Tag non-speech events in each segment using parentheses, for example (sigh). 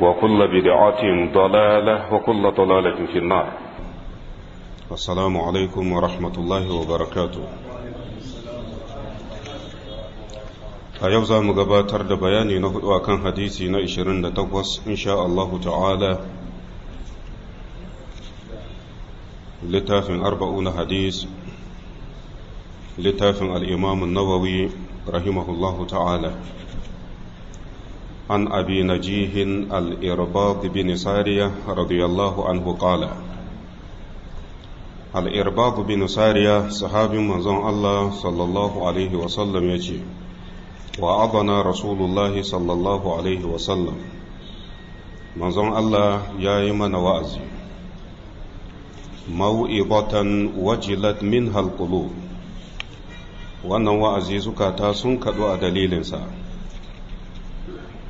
وكل بدعة ضلالة وكل ضلالة في النار السلام عليكم ورحمة الله وبركاته a yau za mu gabatar da bayani na hudu akan hadisi na 28 insha Allah ta'ala littafin arba'una hadis littafin al'imamun nawawi rahimahullahu ta'ala عن أبي نجيه الإرباض بن سارية رضي الله عنه قال الإرباض بن سارية صحابي منزون الله صلى الله عليه وسلم يجي وعظنا رسول الله صلى الله عليه وسلم منزون الله يا يمن وأزي موئضة وجلت منها القلوب wannan wa'azi zukata sun kaɗu a dalilinsa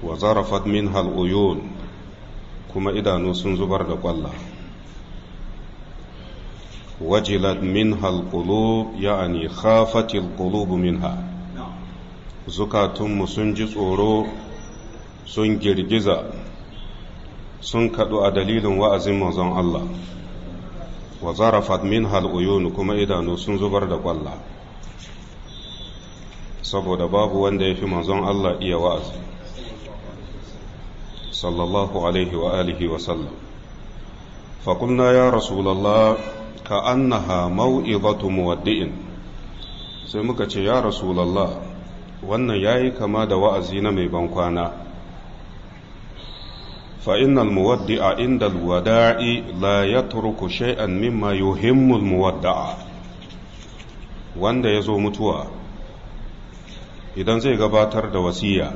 wa zarafat min hal'uyun kuma idanu sun zubar da ƙwalla wajilat min halƙulub ya'ani khafatil ƙulubu minha zukatunmu sun ji tsoro sun girgiza sun kaɗu a dalilin wa'azin mazan Allah wa zarafat min hal'uyun kuma idanu sun zubar da ƙwalla saboda babu wanda ya fi manzon Allah iya wa'azi صلى الله عليه وآله وسلم فقلنا يا رسول الله كأنها موئظة مودئ سيمكة يا رسول الله وأن ياي كما دواء زينمي بنقانا فإن المودع عند الوداع لا يترك شيئا مما يهم المودع wanda ya zo mutuwa idan zai gabatar da wasiya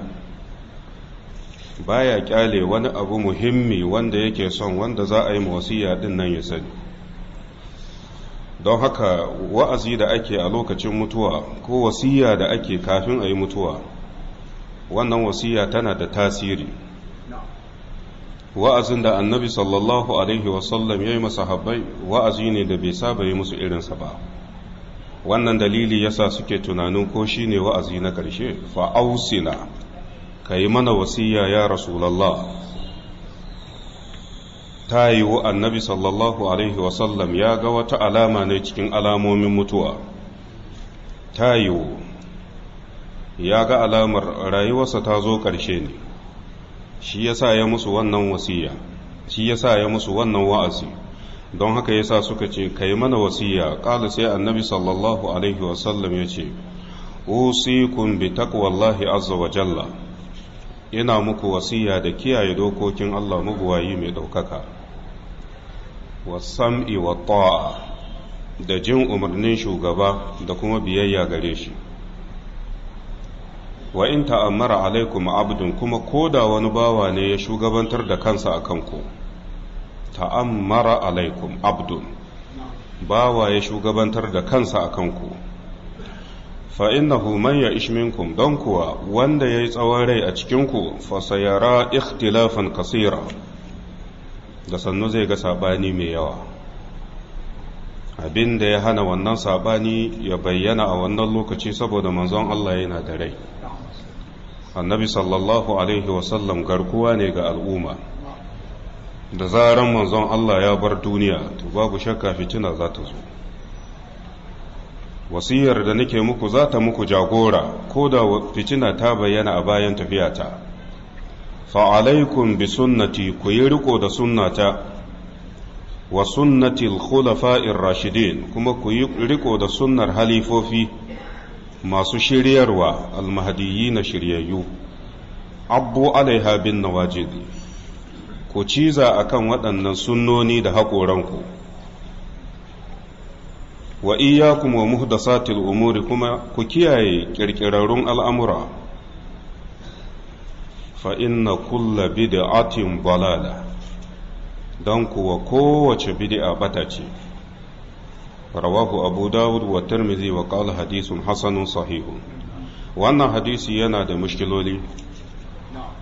baya kyale wani abu muhimmi wanda yake son wanda za a yi wasiya din nan ya sani don haka wa'azi da ake a lokacin mutuwa ko wasiya da ake kafin a yi mutuwa wannan wasiya tana da tasiri wa'azin da annabi sallallahu alaihi wasallam ya yi masahabbai wa'azi ne da bai saba yi musu irinsa ba wannan dalili yasa suke tunanin ko shine wa'azi na ƙarshe fa'ausina ka yi mana wasiya ya rasulallah ta yiwu annabi sallallahu alaihi wasallam ya ga wata alama ne cikin alamomin mutuwa ta yiwu ya ga alamar rayuwarsa ta zo ƙarshe ne shi ya sa ya musu wannan wasiya shi ya sa ya musu wannan wa'azi don haka ya sa suka ce ka yi mana wasiya ƙala sai annabi sallallahu alaihi wasallam ya ce usikun bi taqwallahi azza wa jalla yana muku wasiya da kiyaye dokokin Allah mabuwayi mai ɗaukaka wasam'i wa ta'a da jin umarnin shugaba da kuma biyayya gare shi wa in ta'ammara alaikum abdun kuma ko da wani bawa ne ya shugabantar da kansa a kanku ta'ammara alaikum abdun bawa ya shugabantar da kansa a kanku fa innahu man ya'ish minkum don kuwa wanda yi tsawon rai a cikin ku fa sayara ikhtilafan da sannu zai ga saɓani mai yawa abin da ya hana wannan sabani ya bayyana a wannan lokaci saboda manzon Allah yana da rai annabi sallallahu alaihi wasallam garkuwa ne ga al'umma da zaran manzon Allah ya bar duniya to babu shakka fitina za ta zo wasiyar da nake muku za ta muku jagora ko da fitina ta bayyana a bayan tafiyata fa'alaikun bi sunnati ku yi riko da sunnata wa sunnati al-khulafa'ir rashidin kuma ku yi riko da sunnar halifofi masu shiryarwa almahadiyyi na shiryayyu abu alaiha bin nawajidi ku ciza akan waɗannan sunnoni da haƙoranku wa iyyakum wa muhdasatil umuri kuma ku kiyaye kirkirarrun al'amura fa inna kulla bid'atin balala don kuwa kowace bid'a bata ce rawahu abu dawud wa tirmidhi wa qala hadithun hasanun wannan hadisi yana da mushkiloli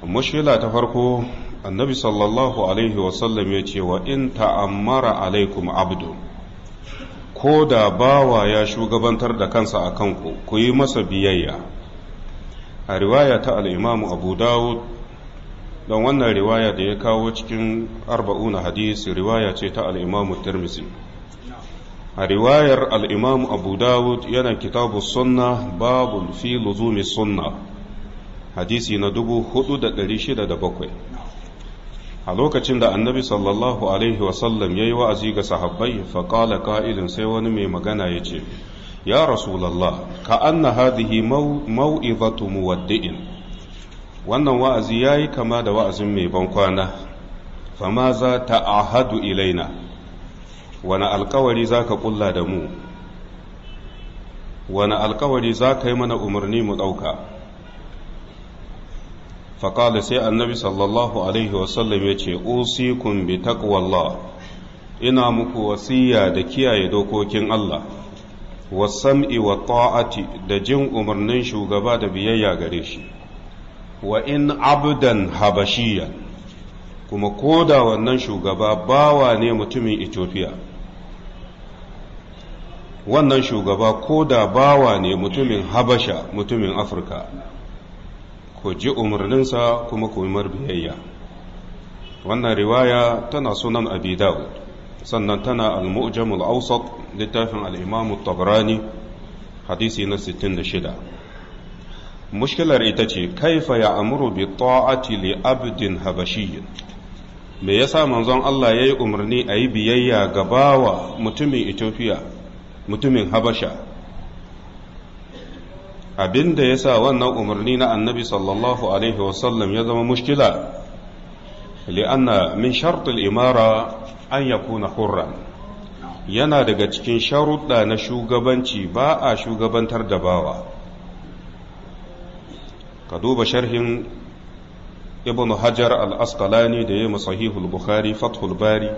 mushkila ta farko annabi sallallahu alaihi wasallam ya ce wa in ta'ammara alaikum abdu ko da bawa ya shugabantar da kansa a kanku ku yi masa biyayya a riwaya ta al'imamu abu dawud don wannan riwaya da ya kawo cikin arba'una hadisi riwaya ce ta al'imamu tirmisi a riwayar al'imamu abu dawud yana kitabu sunna babu fi luzumi sunna hadisi na 4607 a lokacin da annabi sallallahu alaihi wasallam ya yi wa'azi ga sahabbai faƙala ƙa'ilin sai wani mai magana ya ce ya rasulallah ka anna hadihi mau'izatu muwaddi'in wannan wa'azi ya yi kama da wa'azin mai bankwana fama za ta ahadu ilaina wani alkawari za ka ƙulla da mu wani alkawari za ka yi mana umarni mu ɗauka faƙala sai annabi sallallahu alaihi wasallam ya ce usikun bi taqwallah ina muku wasiya da kiyaye dokokin Allah wasam'i wa ta'ati da jin umarnin shugaba da biyayya gare shi wa in abdan habashiya kuma koda wannan shugaba bawa ne mutumin Ethiopia wannan shugaba koda bawa ne mutumin Habasha mutumin Afirka ku ji umarninsa kuma ku mar biyayya wannan riwaya tana sunan abi dawud sannan tana al-mu'jamul awsat littafin al-imam tabrani hadisi na 66 mushkilar ita ce kaifa ya amuru bi ta'ati li abdin habashiyyin me yasa manzon Allah yayi umarni ayi biyayya ga bawa mutumin Ethiopia mutumin Habasha abin da ya sa wannan umarni na annabi sallallahu alaihi wasallam ya zama mushkila li'anna min shartul imara an yakuna hurran yana daga cikin sharuɗa na shugabanci ba a shugabantar da bawa ka duba sharhin ibn hajar al-asqalani da ya yi sahihul bukhari fathul bari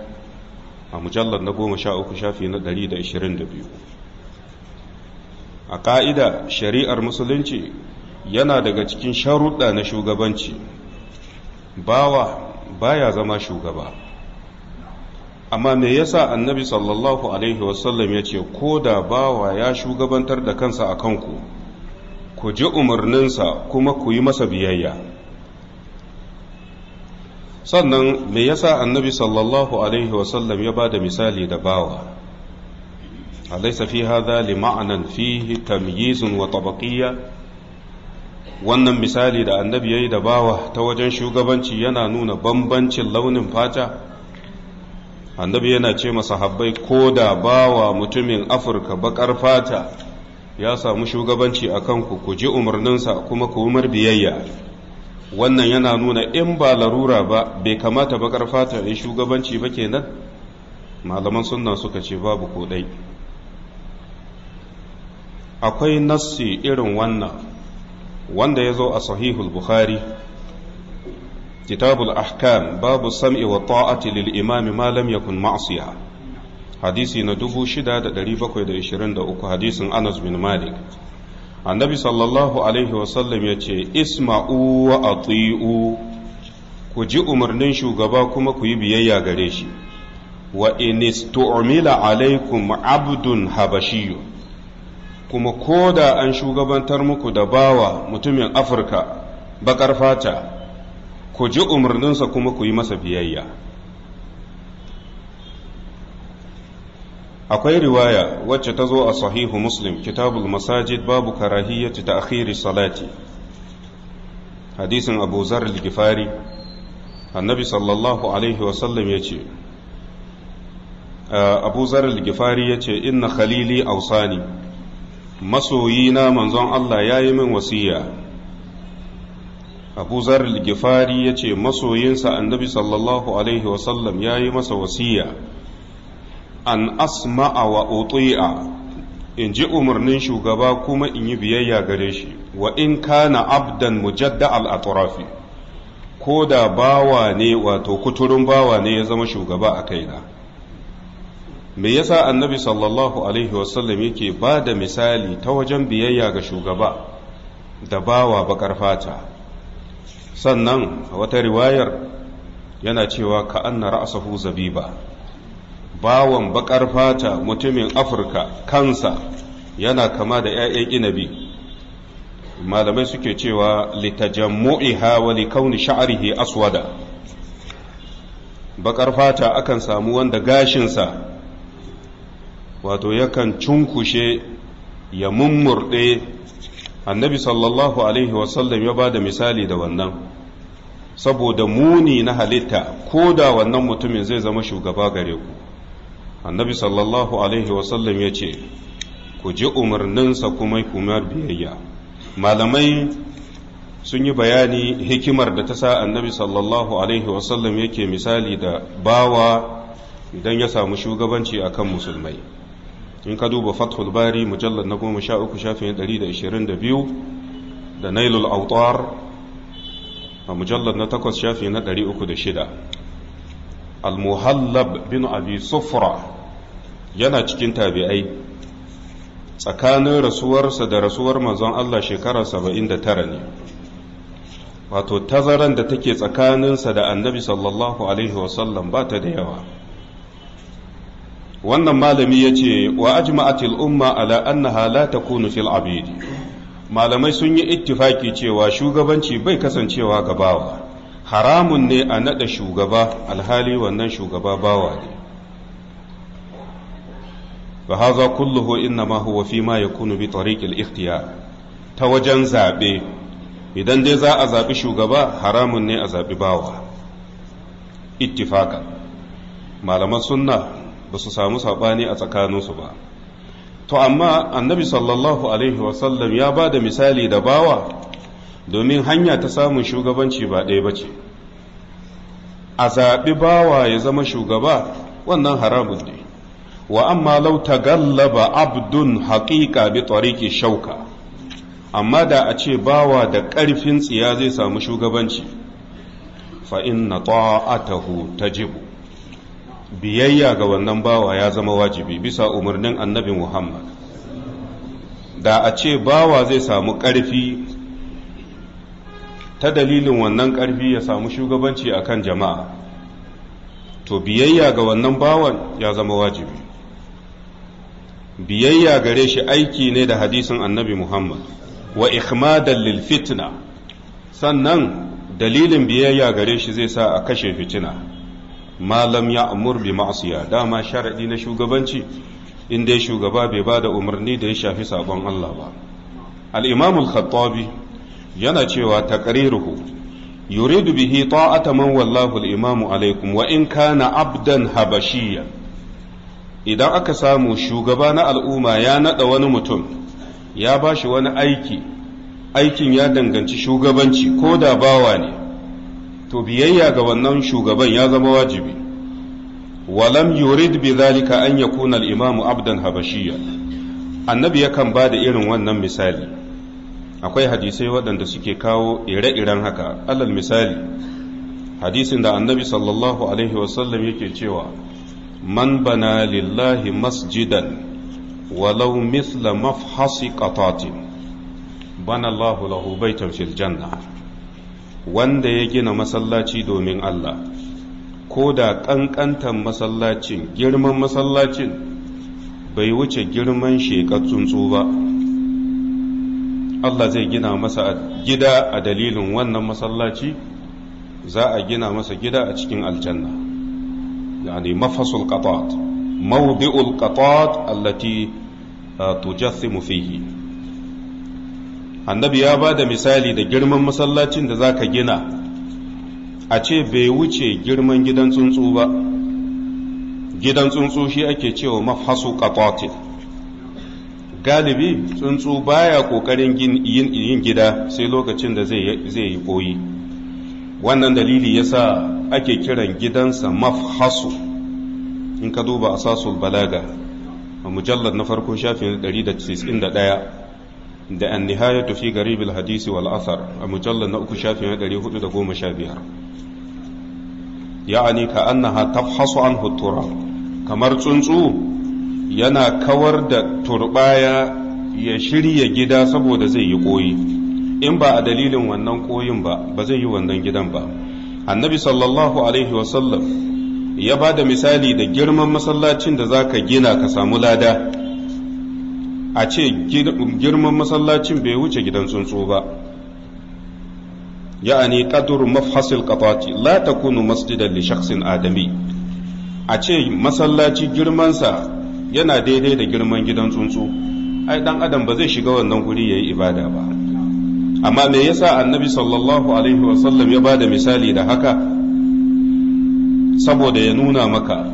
a mujallar na goma sha uku shafi na ɗari da ishirin da biyu a ƙa'ida shari'ar musulunci yana daga cikin sharuɗa na shugabanci bawa baya zama shugaba amma me yasa annabi sallallahu alaihi wasallam ya ce ko da bawa ya shugabantar da kansa a kanku ku ji umarninsa kuma ku yi masa biyayya sannan me yasa annabi sallallahu alaihi wasallam ya ba da misali da bawa أليس في هذا لمعنى فيه تمييز وطبقية wannan misali da annabi ya yi da bawa ta wajen shugabanci yana nuna bambancin launin fata annabi yana ce masahabbai ko da bawa mutumin afirka bakar fata ya samu shugabanci a kanku ku ji umarninsa kuma ku umar biyayya wannan yana nuna in ba larura ba bai kamata bakar fata ya shugabanci ba kenan malaman sunna suka ce babu ko ɗai akwai nassi irin wannan wanda ya zo a sahihul bukhari kitabul ahkam babu sam'i wa ta'ati lil imami ma lam yakun ma'siya hadisi na 6723 hadisin Anas bin Malik annabi sallallahu alaihi wasallam ya ce isma'u wa ati'u ku ji umarnin shugaba kuma ku yi biyayya gare shi wa inistu'mila alaikum abdun habashiyyu kuma ko da an shugabantar muku da bawa mutumin afirka bakar fata ku ji umarninsa kuma ku yi masa biyayya akwai riwaya wacce ta zo a sahihu muslim kitabul masajid babu karahiyyati ta akhiri salati hadisin abu zar gifari annabi sallallahu alaihi wasallam ya ce ah, abu zar gifari ya ce inna khalili ausani Masoyi masoyina manzon Allah ya yi min wasiya abu zarar gifari ya ce masoyinsa annabi sallallahu alaihi wasallam ya yi masa wasiya an asma'a wa uti'a in ji umarnin shugaba kuma in yi biyayya gare shi wa in kana abdan mujadda al-atrafi ko da bawa ne wato kuturun bawa ne ya zama shugaba a kaina me yasa annabi sallallahu alaihi wasallam yake ba da misali ta wajen biyayya ga shugaba da bawa bakar fata sannan a wata riwayar yana cewa ka anna ra'sahu zabiba bawan bakar fata mutumin afirka kansa yana kama da 'ya'yan inabi malamai suke cewa litajammu'iha wa likauni sha'rihi aswada bakar fata akan samu wanda gashinsa wato yakan cunkushe ya mummurde annabi sallallahu alaihi wasallam ya ba da misali da wannan saboda muni na halitta ko da wannan mutumin zai zama shugaba gare ku annabi sallallahu alaihi wasallam ya ce ku ji umarninsa kuma kumar biyayya malamai sun yi bayani hikimar da ta sa annabi sallallahu alaihi wasallam yake misali da bawa idan ya samu shugabanci akan musulmai in ka duba fathul bari mujallar na goma sha uku shafin ɗari da ashirin da biyu da nailul autar a mujallar na takwas shafi na ɗari uku da shida almuhallab bin abi sufra yana cikin tabi'ai tsakanin rasuwarsa da rasuwar manzon Allah shekara saba'in da tara ne wato tazaran da take tsakaninsa da annabi sallallahu alaihi wasallam ba ta da yawa wannan malami ya ce wa ajma'atil umma ala annaha la takunu fil abid malamai sun yi ittifaki cewa shugabanci bai kasancewa ga bawa haramun ne a nada shugaba alhali wannan shugaba bawa ne fa haza kulluhu innama huwa fi ma yakunu bi tariqil ikhtiyar ta wajen zabe idan dai za a zabi shugaba haramun ne a zabi bawa ittifakan malaman sunna ba su samu saɓani a tsakaninsu ba to amma annabi sallallahu alaihi wasallam ya ba da misali da bawa domin hanya ta samun shugabanci ba ɗaya ba ce a zaɓi bawa ya zama shugaba wannan haramun ne wa amma lau gallaba abdun haƙiƙa bi tsariki shauka amma da a ce bawa da ƙarfin tsiya zai samu shugabanci fa inna ta'atahu tajibu biyayya ga wannan bawa ya zama wajibi bisa umarnin annabi Muhammad da a ce bawa zai samu ƙarfi ta dalilin wannan ƙarfi ya samu shugabanci a kan jama'a to biyayya ga wannan bawan ya zama wajibi biyayya gare shi aiki ne da hadisin annabi Muhammad wa ikhmadan lil fitna sannan dalilin biyayya gare shi zai sa a kashe fitina malam ya amur bi ma'asiya dama sharaɗi na shugabanci in dai shugaba bai ba da umarni da ya shafi sabon Allah ba alimamul khattabi yana cewa ta taqriruhu yuridu bihi ta'ata man wallahu al'imamu alaikum wa in kana abdan habashiya idan aka samu shugaba na al'umma ya naɗa wani mutum ya ba shi wani aiki aikin ya danganci shugabanci ko da bawa ne to biyayya ga wannan shugaban ya zama wajibi walam yurid bi zalika an yakuna al-imamu abdan habashiyya annabi yakan ba da irin wannan misali akwai hadisai waɗanda suke kawo ire-iren haka alal misali hadisin da annabi sallallahu alaihi wasallam yake cewa man bana lillahi masjidan walau mithla mafhasi qatatin bana Allahu lahu baitan fil wanda ya gina masallaci domin Allah ko da ƙanƙantan masallacin girman masallacin bai wuce girman shekar tsuntsu ba Allah zai gina masa gida a dalilin wannan masallaci za a gina masa gida a cikin aljanna yani mafasul qatat mawdi'ul qatat allati ah, tujassimu fihi annabi ya ba da misali da girman masallacin da za ka gina a ce bai wuce girman gidan tsuntsu ba gidan tsuntsu shi ake cewa mafhasu qatatil galibi tsuntsu baya kokarin yin gida sai lokacin da zai yi koyi wannan dalili ya sa ake kiran gidansa mafhasu in ka duba asasul balaga a mujallar na farko shafin 191 da an nihayatu fi garibil hadisi wal athar a mujallar na uku shafi na 415 ya'ani ka annaha tafhasu an hutura kamar tsuntsu yana kawar da turbaya ya shirya gida saboda zai yi koyi in ba a dalilin wannan koyin ba ba zai yi wannan gidan ba annabi sallallahu alaihi wasallam ya ba da misali da girman masallacin da za ka gina ka samu lada a ce girman masallacin bai wuce gidan tsuntsu ba ya'ani qadru mafhasil qatati la takunu masjidan li shakhsin adami a ce masallaci girmansa yana daidai da girman gidan tsuntsu ai dan adam ba zai shiga wannan guri yayi ibada ba amma me yasa annabi sallallahu alaihi wasallam ya bada misali da haka saboda ya nuna maka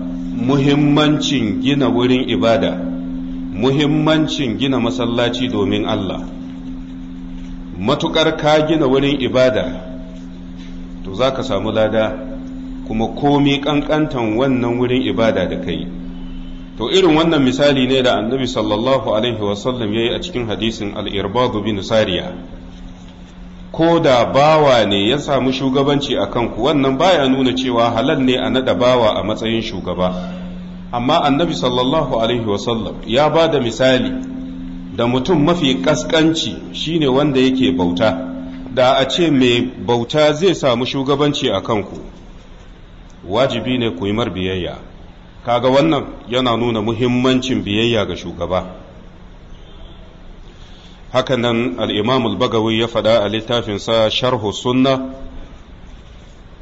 muhimmancin gina wurin ibada muhimmancin gina masallaci domin Allah matukar ka gina wurin ibada to za ka samu lada kuma komi kankantan wannan wurin ibada da kai to irin wannan misali ne da annabi sallallahu alaihi wasallam ya yi a cikin hadisin al'irbadu bin sariya ko da bawa ne ya samu shugabanci a kanku wannan baya nuna cewa halal ne a naɗa bawa a matsayin shugaba amma annabi sallallahu alaihi wasallam ya ba da misali da mutum mafi kaskanci shine wanda yake bauta da a ce mai bauta zai samu shugabanci a kanku wajibi ne ku yi mar biyayya kaga wannan yana nuna muhimmancin biyayya ga shugaba Haka nan, al-bagawi ya faɗa a littafinsa sharhu sunna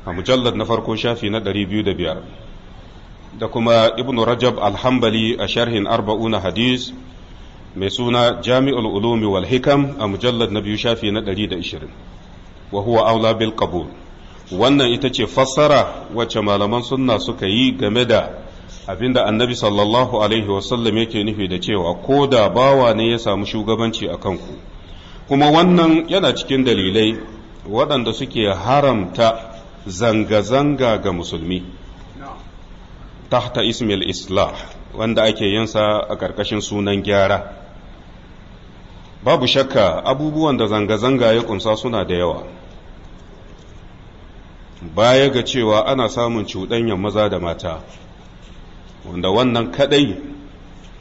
a mujallar na farko shafi na biyar. da kuma ibn rajab alhambali a sharhin arba'una hadis mai suna jami'ul ulumi wal hikam a mujallar na biyu shafi na 120 wa huwa aula bil qabul wannan ita ce fassara wacce malaman sunna suka yi game da abinda annabi sallallahu alaihi wasallam yake nufi da cewa ko da bawa ne ya samu shugabanci a kanku kuma wannan yana cikin dalilai waɗanda suke haramta zanga-zanga ga musulmi tahta ismil islah wanda ake yinsa a ƙarƙashin sunan gyara babu shakka abubuwan da zanga-zanga ya kunsa suna da yawa baya ga cewa ana samun cuɗanyan maza da mata wanda wannan kaɗai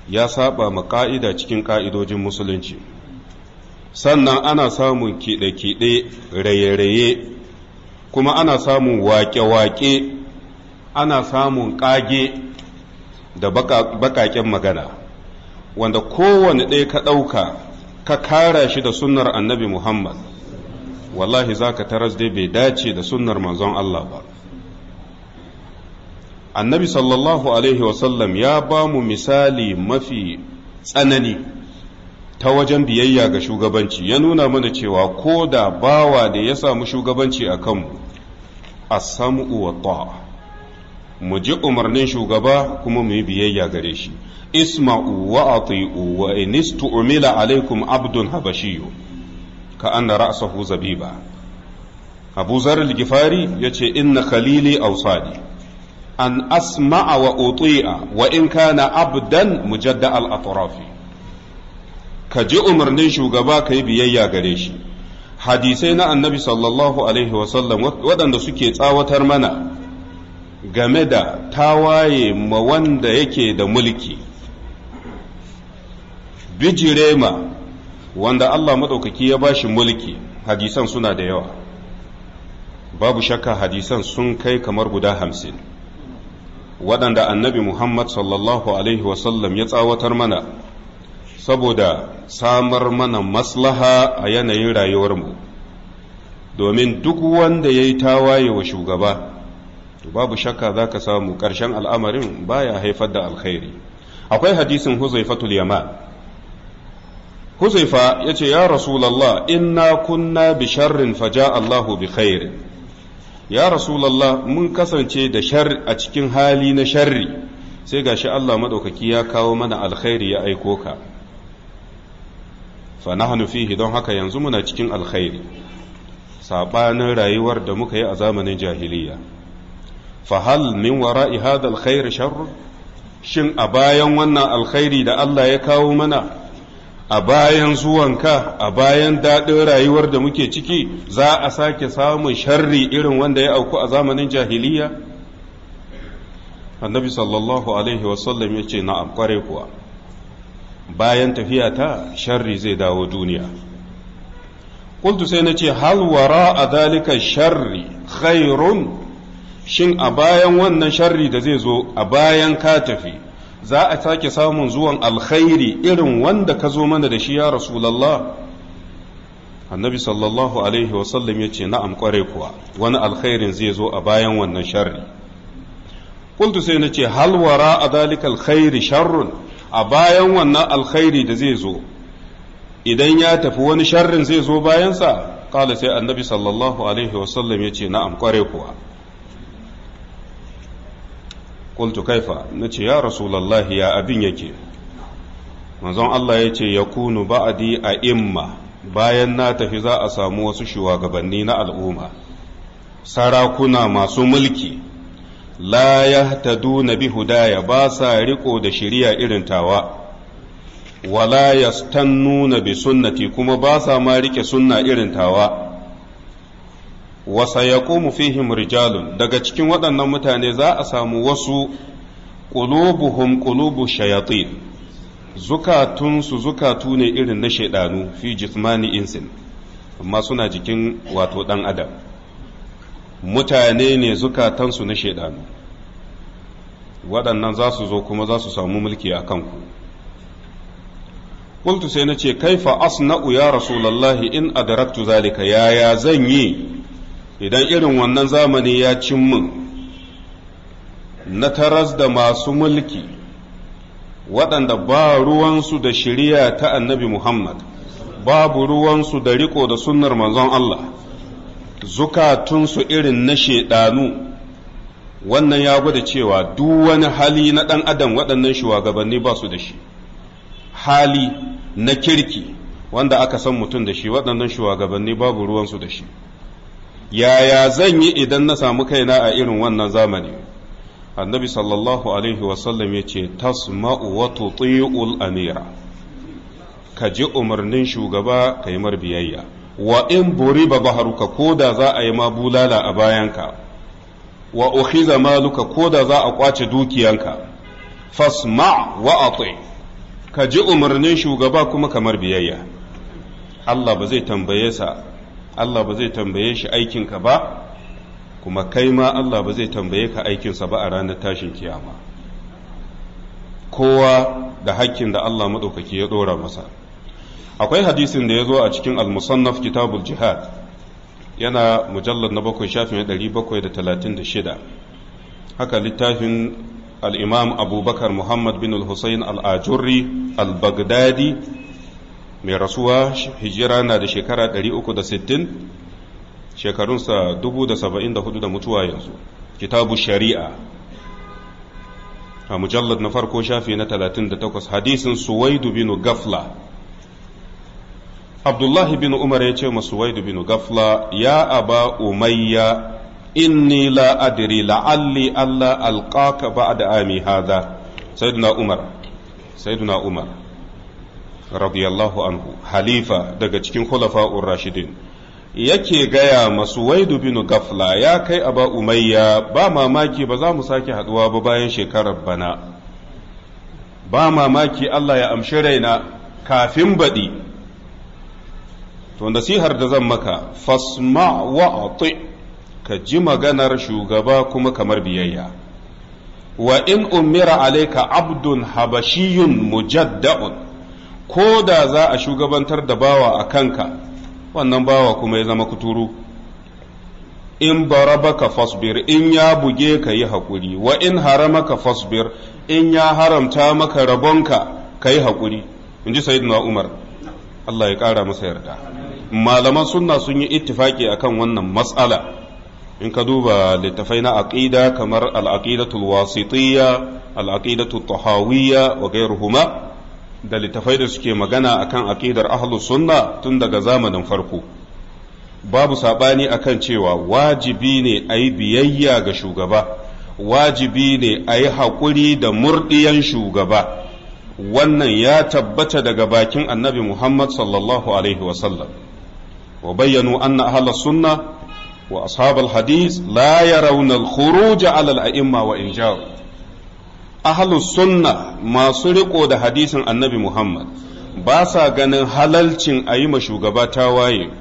ya saba ma ƙa'ida cikin ƙa'idojin musulunci sannan ana samun kiɗe-kiɗe raye-raye kuma ana samun wake-wake ana samun ƙage da baƙaƙen magana wanda kowane ɗaya ka ɗauka ka kara shi da sunnar annabi muhammad wallahi za ka taras dai bai dace da sunnar manzon allah ba annabi sallallahu alaihi wasallam ya ba mu misali mafi tsanani ta wajen biyayya ga shugabanci ya nuna mana cewa ko da bawa da ya samu shugabanci a kanmu a samu uwa ta'a mu ji umarnin shugaba kuma mu yi biyayya gare shi isma'u wa ati'u wa inistu umila alaikum abdun habashiyu ka anna ra'sahu zabiba abu zarul gifari yace inna khalili awsani an asma'a wa uti'a wa in kana abdan mujadda al atrafi ka ji umarnin shugaba ka yi biyayya gare shi hadisai na annabi sallallahu alaihi sallam waɗanda suke tsawatar mana game da tawaye ma wanda yake da mulki bijirema wanda Allah maɗaukaki ya bashi mulki hadisan suna da yawa babu shakka hadisan sun kai kamar guda hamsin waɗanda annabi Muhammad sallallahu Alaihi wasallam ya tsawatar mana saboda samar mana maslaha a yanayin rayuwarmu domin duk wanda ya yi tawaye wa shugaba to babu shakka za ka samu ƙarshen al'amarin baya haifar da alkhairi akwai hadisin huzaifatul yama huzaifa ya ce ya rasulallah inna kunna bi sharrin faja allahu bi khairin ya rasulallah mun kasance da shar a cikin hali na sharri sai gashi allah maɗaukaki ya kawo mana alkhairi ya aiko ka fa nahnu fihi don haka yanzu muna cikin alkhairi saɓanin rayuwar da muka yi a zamanin jahiliya fahal min wara'i hadha alkhair sharr shin a bayan wannan alkhairi da Allah ya kawo mana a bayan zuwanka a bayan daɗin rayuwar da muke ciki za a sake samun sharri irin wanda ya auku a zamanin jahiliya annabi sallallahu alaihi wasallam ya ce na'am kware kuwa bayan tafiya ta sharri zai dawo duniya qultu sai na ce hal wara a dalika sharri khairun shin a bayan wannan sharri da zai zo a bayan ka tafi za a sake samun zuwan alkhairi irin wanda ka zo mana da shi ya rasulallah annabi sallallahu alaihi wasallam ya ce na'am kware kuwa wani alkhairin zai zo a bayan wannan sharri kultu sai na ce halwara a dalika alkhairi sharrun a bayan wannan alkhairi da zai zo idan ya tafi wani sharrin zai zo bayansa kala sai annabi sallallahu alaihi wasallam ya ce na'am kware kuwa qultu kaifa nace ya rasulullahi ya abin yake manzon Allah ya ce ya kunu ba'adi a imma bayan na tafi za a samu wasu shugabanni na al'umma sarakuna masu mulki la yahtaduna bi hudaya ba sa riko da shirya irin tawa wala yastannuna bi sunnati kuma ba sa ma rike sunna irin tawa wa sayaqumu fihim rijalun daga cikin waɗannan mutane za a samu wasu qulubuhum qulubu shayatin zukatun su zukatu ne irin na shaidanu fi jismani insin amma suna jikin wato dan adam mutane ne zukatansu na shaidanu waɗannan za su zo kuma za su samu mulki a kanku kultu sai na ce kaifa asna'u ya rasulullahi in adraktu zalika yaya zan yi idan irin wannan zamani ya cin mun na taras da masu mulki waɗanda ba ruwansu da shiriya ta annabi Muhammad babu ruwansu da riko da sunnar manzon Allah zukatunsu irin na shaidanu wannan ya gwada cewa duk wani hali na ɗan adam waɗannan shugabanni ba su da shi hali na kirki wanda aka san mutum da shi waɗannan shugabanni babu ruwansu da shi yaya zan yi idan na samu kaina a irin wannan zamani annabi sallallahu alaihi wasallam ya ce tasma'u wa tuti'ul amira ka ji umarnin shugaba ka yi mar biyayya wa in buriba baharuka koda za a yi mabulala bulala a bayanka wa ukhiza maluka koda za a kwace dukiyanka fasma wa ati ka ji umarnin shugaba kuma kamar biyayya Allah ba zai tambaye sa Allah ba zai tambaye shi aikinka ba kuma kai ma Allah ba zai tambaye ka aikinsa ba a ranar tashin kiyama kowa da hakkin da Allah maɗaukaki ya ɗora masa akwai hadisin da ya zo a cikin al-musannaf kitabul jihad yana mujallar na bakwai shafin ɗari bakwai da talatin da shida haka littafin al-imam abubakar muhammad bin al-husayn al-ajurri al mai rasuwa hijira na da shekara 360 shekarunsa 74 da mutuwa yanzu kitabu shari'a a mujallad na farko shafi na 38 hadisin suwaidu bin gafla abdullahi bin umar ya ce ma suwaidu bin gafla ya aba umayya inni la adri la'alli alla alqaka da ami hadha sayyiduna umar sayyiduna umar radiyallahu anhu halifa daga cikin khulafa'ur rashidin yake gaya masu waidu bin gafla ya kai aba umayya ba mamaki ba za mu sake haduwa ba bayan shekarar bana ba mamaki Allah ya amshi raina kafin baɗi to nasihar da zan maka fasma wa ka ji maganar shugaba kuma kamar biyayya wa in umira alaika abdun habashiyun mujadda'un ko da za a shugabantar da bawa a kanka wannan bawa kuma ya zama kuturu in barabaka fasbir in ya buge ka yi haƙuri wa in haramaka fasbir in ya haramta maka rabonka ka yi haƙuri in ji sayidina umar Allah ya ƙara masa yarda malaman sunna sun yi ittifaki akan wannan matsala in ka duba littafai na aƙida kamar al'aƙidatul wasitiyya al'aƙidatul tahawiyya wa gairuhuma da littafai da suke magana akan aqidar ahlus sunna tun daga zamanin farko babu saɓani akan cewa wajibi ne a yi biyayya ga shugaba wajibi ne a yi haƙuri da murɗiyan shugaba wannan ya tabbata daga bakin annabi muhammad sallallahu alaihi wasallam wa bayyanu anna ahlus sunna wa ashabal hadis la yarawna al-khuruj ala al-a'imma wa in ahlus sunna masu riko da hadisin annabi muhammad ba sa ganin halalcin a yi ma shugaba ta waye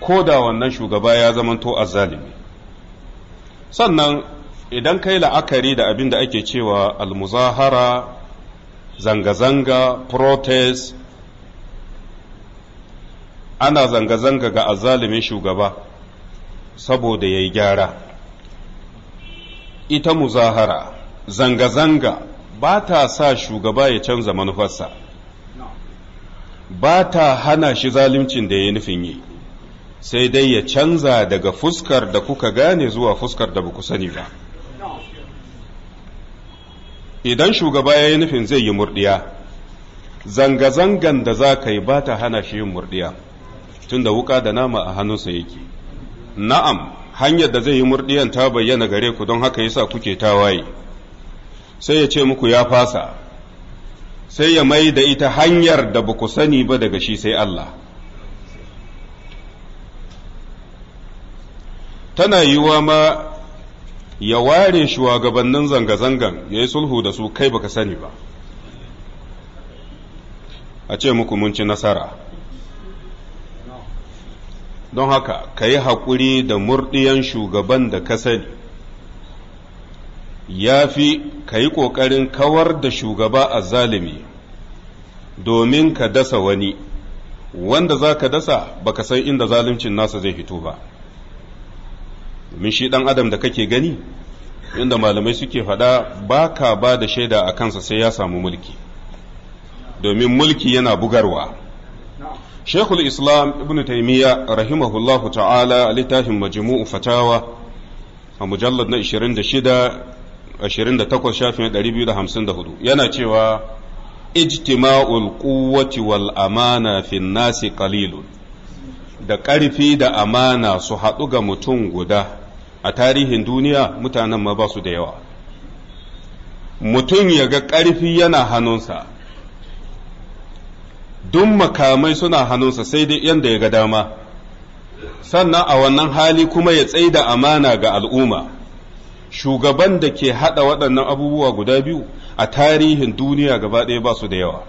ko da wannan shugaba ya zamanto zalimi sannan idan kai la'akari da abin da ake cewa almuzahara zanga-zanga protest ana zanga-zanga ga azalimin shugaba saboda ya yi gyara ita muzahara zanga-zanga ba ta sa shugaba ya canza manufarsa ba ta hana shi zaluncin da ya nufin yi sai dai ya canza daga fuskar da kuka gane zuwa fuskar da baku sani ba idan shugaba ya yi nufin zai yi murdiya zanga-zangan da za ka yi ba ta hana shi yin murdiya tunda wuka da nama a hannunsa yake na'am hanyar da zai yi murdiyan ta bayyana gare ku don haka yasa kuke tawaye sai ya ce muku ya fasa sai ya mai da ita hanyar da ba ku sani ba daga shi sai Allah tana yiwuwa ma ya ware shugabannin zanga-zangan ya yi sulhu da su kai baka sani ba a ce muku mun ci nasara don haka ka yi haƙuri da murɗiyan shugaban da ka sani ya fi ka yi ƙoƙarin kawar da shugaba a zalimi domin ka dasa wani wanda za ka dasa ka san inda zaluncin nasa zai fito ba domin shi ɗan adam da kake gani inda malamai suke faɗa ba ka ba da shaida a kansa sai ya samu mulki domin mulki yana bugarwa shekul islam ibn taimiyya rahimahullahu ta'ala a littafin majmu'u fatawa a mujallar na 26 28 shafin 254 yana cewa ijtima'ul quwwati wal amana fi nasi qalilun da ƙarfi da amana su haɗu ga mutum guda a tarihin duniya mutanen ma ba su da yawa mutum ya ga ƙarfi yana hannunsa duk makamai suna hannunsa sai dai yadda ya ga dama sannan a wannan hali kuma ya tsaida amana ga al'umma shugaban da ke haɗa waɗannan abubuwa guda biyu a tarihin duniya gaba ɗaya ba su da yawa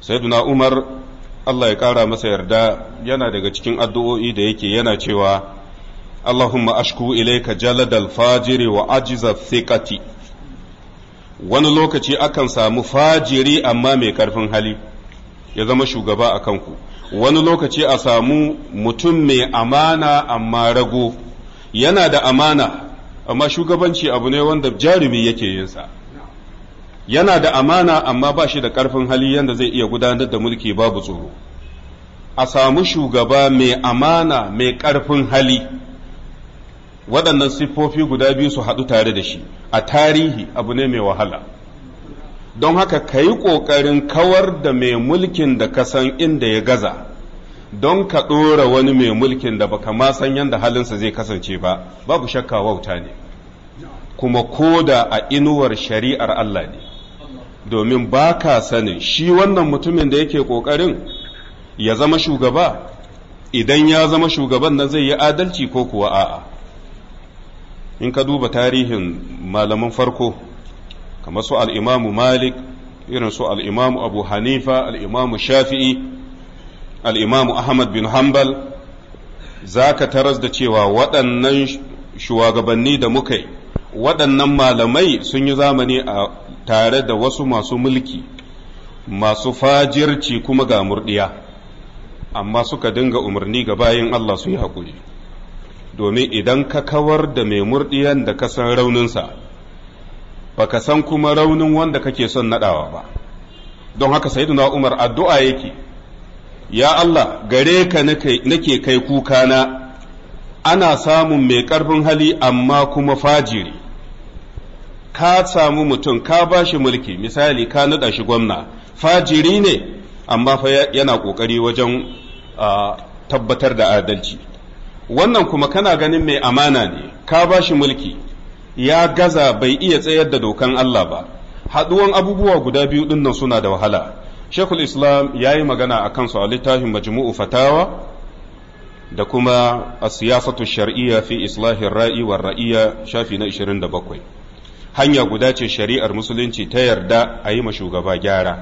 saiduna umar allah ya ƙara masa yarda yana daga cikin addu'o'i da yake yana cewa allahumma ashku ilaika jaladal fajiri wa ajiza thiqati wani lokaci akan samu fajiri amma mai ƙarfin hali ya zama shugaba a kanku wani lokaci a samu mutum mai amana amma rago yana da amana amma shugabanci abu ne wanda jarumi yake yinsa. yana da amana amma ba shi da ƙarfin hali yanda zai iya gudanar da mulki babu tsoro a samu shugaba mai amana mai ƙarfin hali waɗannan siffofi guda biyu su haɗu tare da shi a tarihi abu ne mai wahala don haka ka yi ƙoƙarin kawar da mai mulkin da ka san inda ya gaza don ka ɗora wani mai mulkin da baka ma san yadda halinsa zai kasance ba babu shakka wauta ne kuma ko da a inuwar shari'ar Allah ne domin ba ka sanin shi wannan mutumin da yake ƙoƙarin ya zama shugaba idan ya zama shugaban nan zai yi adalci ko kuwa a'a in ka duba tarihin malaman farko kamar su al'imamu malik irin su al'imamu abu hanifa al'imamu shafi'i al'imamu Ahmad bin Hanbal za ka taras da cewa waɗannan shugabanni da muka yi waɗannan malamai sun yi zamani a tare da wasu masu mulki masu fajirci kuma ga murɗiya amma suka dinga umarni ga bayan Allah su yi haƙuri domin idan ka kawar da mai murɗiyan da ka san rauninsa baka san kuma raunin wanda kake son naɗawa ba don haka sayyiduna Umar addu'a yake ya Allah gare ka nake kai kuka na ana samun mai ƙarfin hali amma kuma fajiri ka samu mutum ka ba shi mulki misali ka naɗa shi gwamna fajiri ne amma fa yana ƙoƙari wajen tabbatar da adalci wannan kuma kana ganin mai amana ne ka ba shi mulki ya gaza bai iya tsayar da dokan Allah ba haɗuwan abubuwa guda biyu ɗin nan suna da wahala shekul islam ya yi magana a kansu a littafin majmu'u fatawa da kuma a siyasatu shari'a fi islahin ra'i wa ra'iya shafi na 27 hanya guda ce shari'ar musulunci ta yarda a yi ma shugaba gyara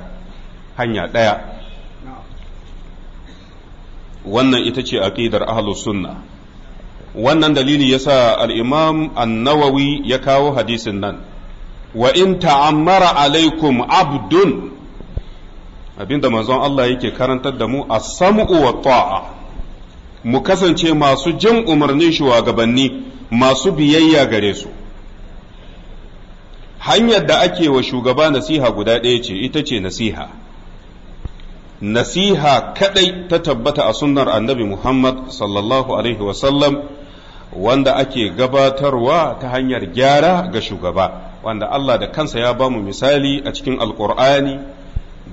hanya ɗaya wannan ita ce aqidar ahlus sunna wannan dalili yasa sa imam an-nawawi ya kawo hadisin nan wa in ta'ammara alaikum abdun abinda manzon Allah yake karantar da mu a sam'u wa ta'a mu kasance masu jin umarnin shugabanni masu biyayya gare su hanyar da ake wa shugaba nasiha guda ɗaya ce ita ce nasiha nasiha kadai ta tabbata a sunnar annabi Muhammad sallallahu alaihi wasallam wanda ake gabatarwa ta hanyar gyara ga shugaba wanda Allah da kansa ya bamu misali a cikin alkur'ani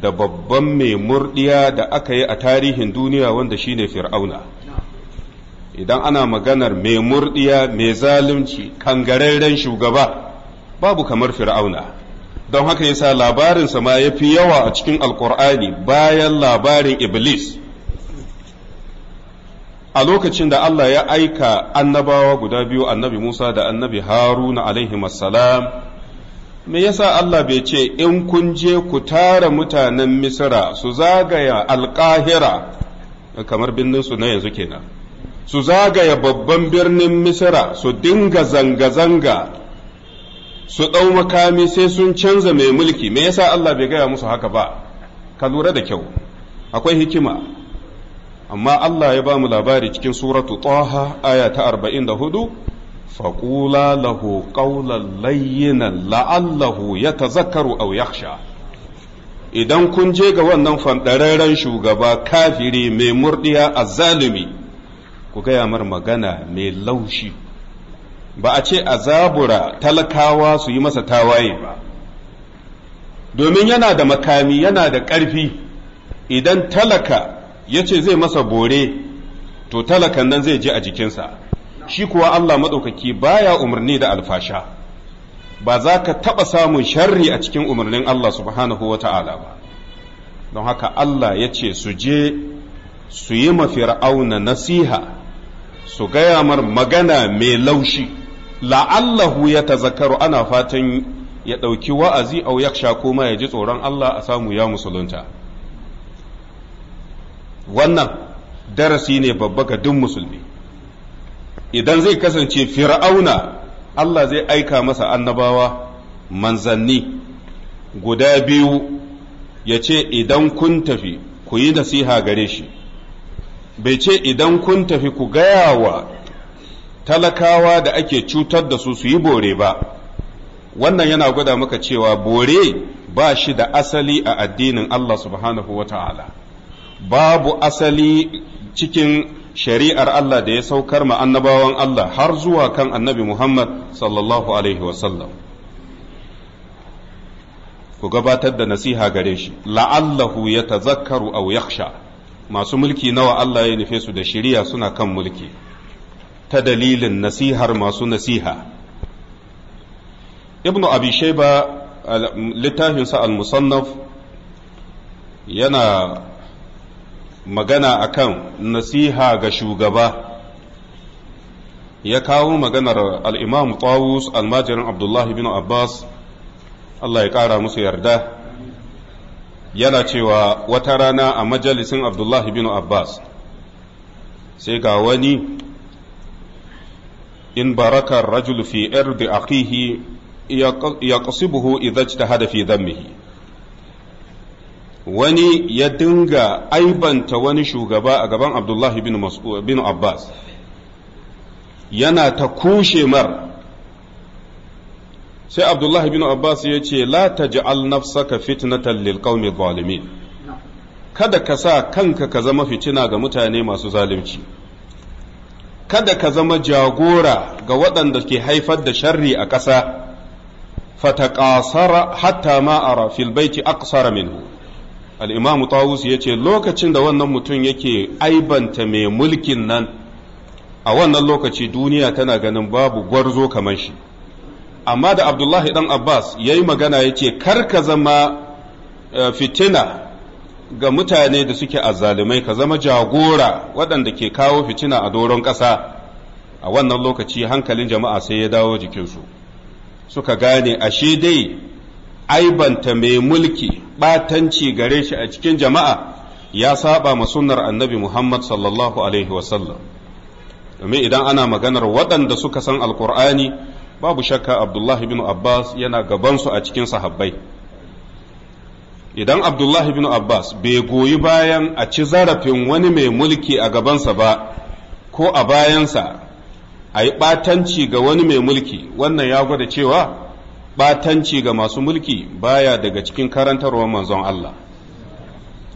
da babban mai murdiya da aka yi a tarihin duniya wanda shine fir'auna idan ana maganar mai murdiya mai zalunci kan kangararren shugaba babu kamar fir'auna don haka yasa labarinsa ma ya fi yawa a cikin alkur'ani bayan labarin iblis a lokacin da Allah ya aika annabawa guda biyu annabi Musa da annabi Haruna alaihi salam me yasa Allah bai ce in kun je ku tara mutanen Misra su zagaya alƙahira kamar su na yanzu kenan su zagaya babban birnin Misra su dinga zanga-zanga su ɗau makami sai sun canza mai mulki me yasa Allah bai gaya musu haka ba ka lura da kyau akwai hikima amma Allah ya ba mu labari cikin suratu Taha aya ta 44 faƙula lahu ƙaunar لينا la'allahu ya tazakaru يخشى idan kun je ga wannan fanɗararen shugaba kafiri mai murɗiya a zalumi ku gaya mar magana mai laushi ba a ce azabura talakawa su yi masa tawaye ba domin yana da makami yana da ƙarfi idan talaka ya ce zai masa bore to talakan nan zai je a jikinsa shi kuwa Allah maɗaukaki baya umarni da alfasha ba za ka taɓa samun sharri a cikin umarnin Allah subhanahu wa ta'ala ba don haka Allah ya ce su je su yi fir'auna nasiha su gaya mar magana mai laushi la'allahu ya tazakaru ana fatan ya ɗauki wa'azi au yaksha kuma ya ji tsoron Allah a samu ya musulunta wannan darasi ne babba ga duk musulmi idan zai kasance fir'auna Allah zai aika masa annabawa manzanni guda biyu ya ce idan kun tafi ku yi nasiha gare shi bai ce idan kun tafi ku gaya wa talakawa da ake cutar da su su yi bore ba wannan yana gwada maka cewa bore ba shi da asali a addinin Allah subhanahu wa ta'ala babu asali cikin shari'ar Allah da ya saukar ma annabawan Allah har zuwa kan annabi Muhammad sallallahu alaihi wasallam ku gabatar da nasiha gare shi la'allahu ya tazakkaru au yakhsha masu mulki nawa Allah ya nufe su da shiriya suna kan mulki ta dalilin nasihar masu nasiha ibnu abi littafinsa al-musannaf yana magana akan nasiha ga shugaba ya kawo maganar al'imam tawus almajirin abdullahi bin abbas allah ya ƙara musu yarda yana cewa wata rana a majalisin abdullahi bin abbas sai ga wani in barakar rajul fi irdi akihi ya ƙasibuhu idan ta hada fi zammihi wani ya dinga aibanta wani shugaba a gaban abdullahi bin abbas yana ta kushe mar sai abdullahi bin abbas ya ce la taj'al nafsaka fitnatan lil qaumi zalimin kada ka sa kanka ka zama fitina ga mutane masu zalunci kada ka zama jagora ga waɗanda ke haifar da sharri a ƙasa fata ƙasara, hatta ma a fil baiti aqsara minhu alimam tawus ya ce lokacin da wannan mutum yake aibanta mai mulkin nan a wannan lokaci duniya tana ganin babu gwarzo kamar shi amma da abdullahi dan abbas ya yi magana ya ce ka zama eh, fitina ga mutane da suke azzalumai ka zama jagora waɗanda ke kawo fitina a doron ƙasa a wannan lokaci hankalin jama'a sai ya dawo jikinsu suka gane ashe dai aibanta mai mulki batanci gare shi a cikin jama'a ya saba ma sunnar annabi Muhammad sallallahu alaihi wasallam domin idan ana maganar waɗanda suka san alkur'ani babu shakka Abdullah bin Abbas yana gabansu a cikin sahabbai idan Abdullah bin Abbas bai goyi bayan a ci zarafin wani mai mulki a gabansa ba ko a bayansa a yi ɓatanci ga wani mai mulki wannan ya gwada cewa batanci ga masu mulki baya daga cikin karantarwar manzon Allah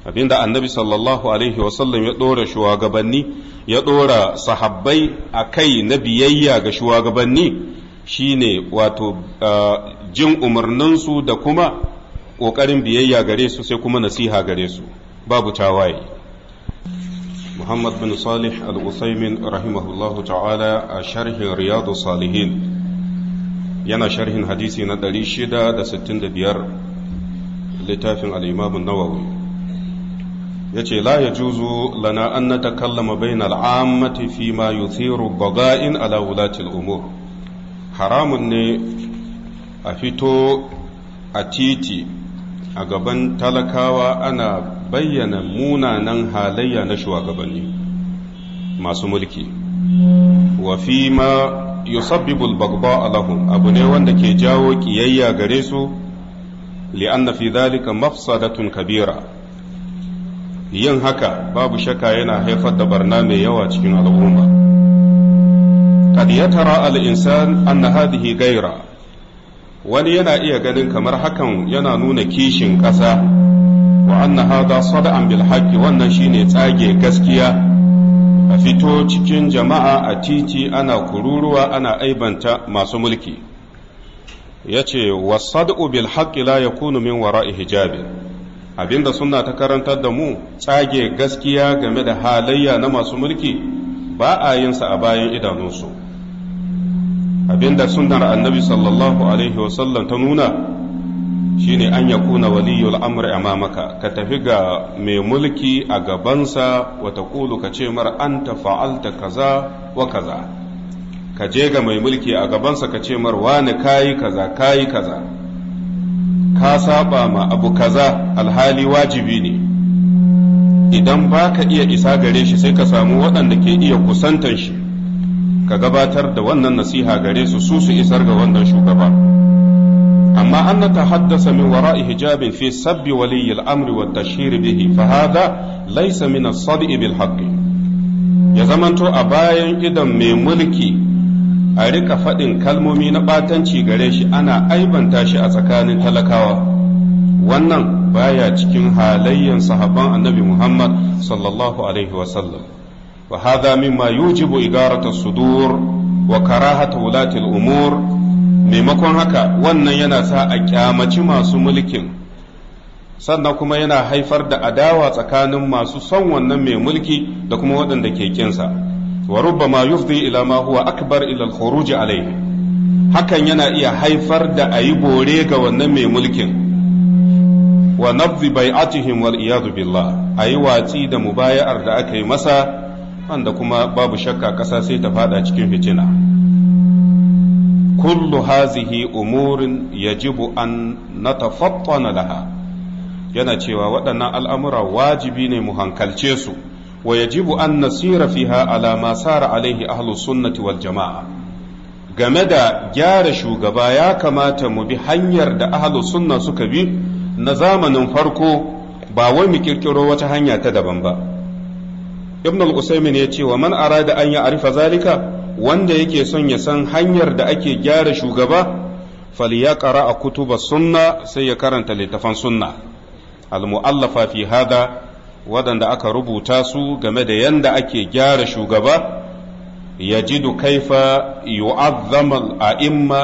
abinda annabi sallallahu alaihi wasallam ya ɗora shugabanni ya ɗora sahabbai a kai na biyayya ga shugabanni shine wato jin umarninsu da kuma ƙoƙarin biyayya gare su sai kuma nasiha gare su babu tawaye muhammad bin salih al-usaimin rahimahullahu ta'ala a sharhin riyadu salihin yana sharhin hadisi na 665 littafin al'imamun nawawi ya ce la ya juzu lana an na bai na al'ammati fi ma yuthiru baga'in ala wulatil umur haramun ne a fito a titi a gaban talakawa ana bayyana munanan halayya na shugabanni masu mulki wa fi ma yusabbibul bagba alahu abu ne wanda ke jawo kiyayya gare su li'anna fi dhalika mafsadatun kabira yin haka babu shaka yana haifar da barna mai yawa cikin al'umma kad tara al-insan anna hadhihi gaira wani yana iya ganin kamar hakan yana nuna kishin ƙasa wa anna hadha sada'an bil haqqi wannan shine tsage gaskiya a fito cikin jama'a a titi ana kururuwa ana aibanta masu mulki ya ce wasad'u bil haqqi ya kunu min wara'i hijabi abinda suna ta karantar da mu tsage gaskiya game da halayya na masu mulki ba a yinsa a bayan idanunsu abinda sunnar annabi sallallahu alaihi wasallam ta nuna shine an yakuna waliyul amri amamaka ka tafi ga mai mulki a gabansa wa Kulu ka ce mar anta fa'alta kaza wa kaza ka je ga mai mulki a gabansa ka ce mar wani kayi kaza kayi kaza ka saba ma abu kaza alhali wajibi ne idan ba ka iya isa gare shi sai ka samu waɗanda ke iya kusantar shi ka gabatar da wannan nasiha gare su su su isar ga wannan shugaba أما أن نتحدث من وراء حجاب في سب ولي الأمر والتشهير به فهذا ليس من الصدق بالحق ya zamanto a bayan idan mai mulki a rika faɗin kalmomi na ɓatanci gare shi ana aibanta shi a tsakanin talakawa wannan baya cikin halayyan sahaban annabi muhammad sallallahu alaihi wasallam wa hadha mimma yujibu igarata sudur wa karahata wulatil umur maimakon haka wannan yana sa a kyamaci masu mulkin sannan kuma yana haifar da adawa tsakanin masu son wannan mai mulki da kuma waɗanda ke kinsa wa ma yufdi ila ma huwa akbar ila al-khuruj alayhi hakan yana iya haifar da ayi bore ga wannan mai mulkin wa nabdi bai'atihim wal iyadu billah ayi watsi da mubaya'ar da aka yi masa wanda kuma babu shakka ƙasa sai ta fada cikin fitina kullu hazihi umurin yajibu an natafattana laha yana cewa waɗannan al'amura wajibi ne mu hankalce su wa yajibu an nasira fiha ala ma sara alaihi ahlu sunnati wal jama'a game da gyara shugaba ya kamata mu bi hanyar da ahlu sunna suka bi na zamanin farko ba wai mu kirkiro wata hanya ta daban ba ibn al ya ce wa man arada an ya arifa zalika wanda yake son ya san hanyar da ake gyara shugaba falyaqra a kutuba sunna sai ya karanta littafan sunna almu'allafa fi hada waɗanda aka rubuta su game da yanda ake gyara shugaba yajidu kaifa yu'azzama al-a'imma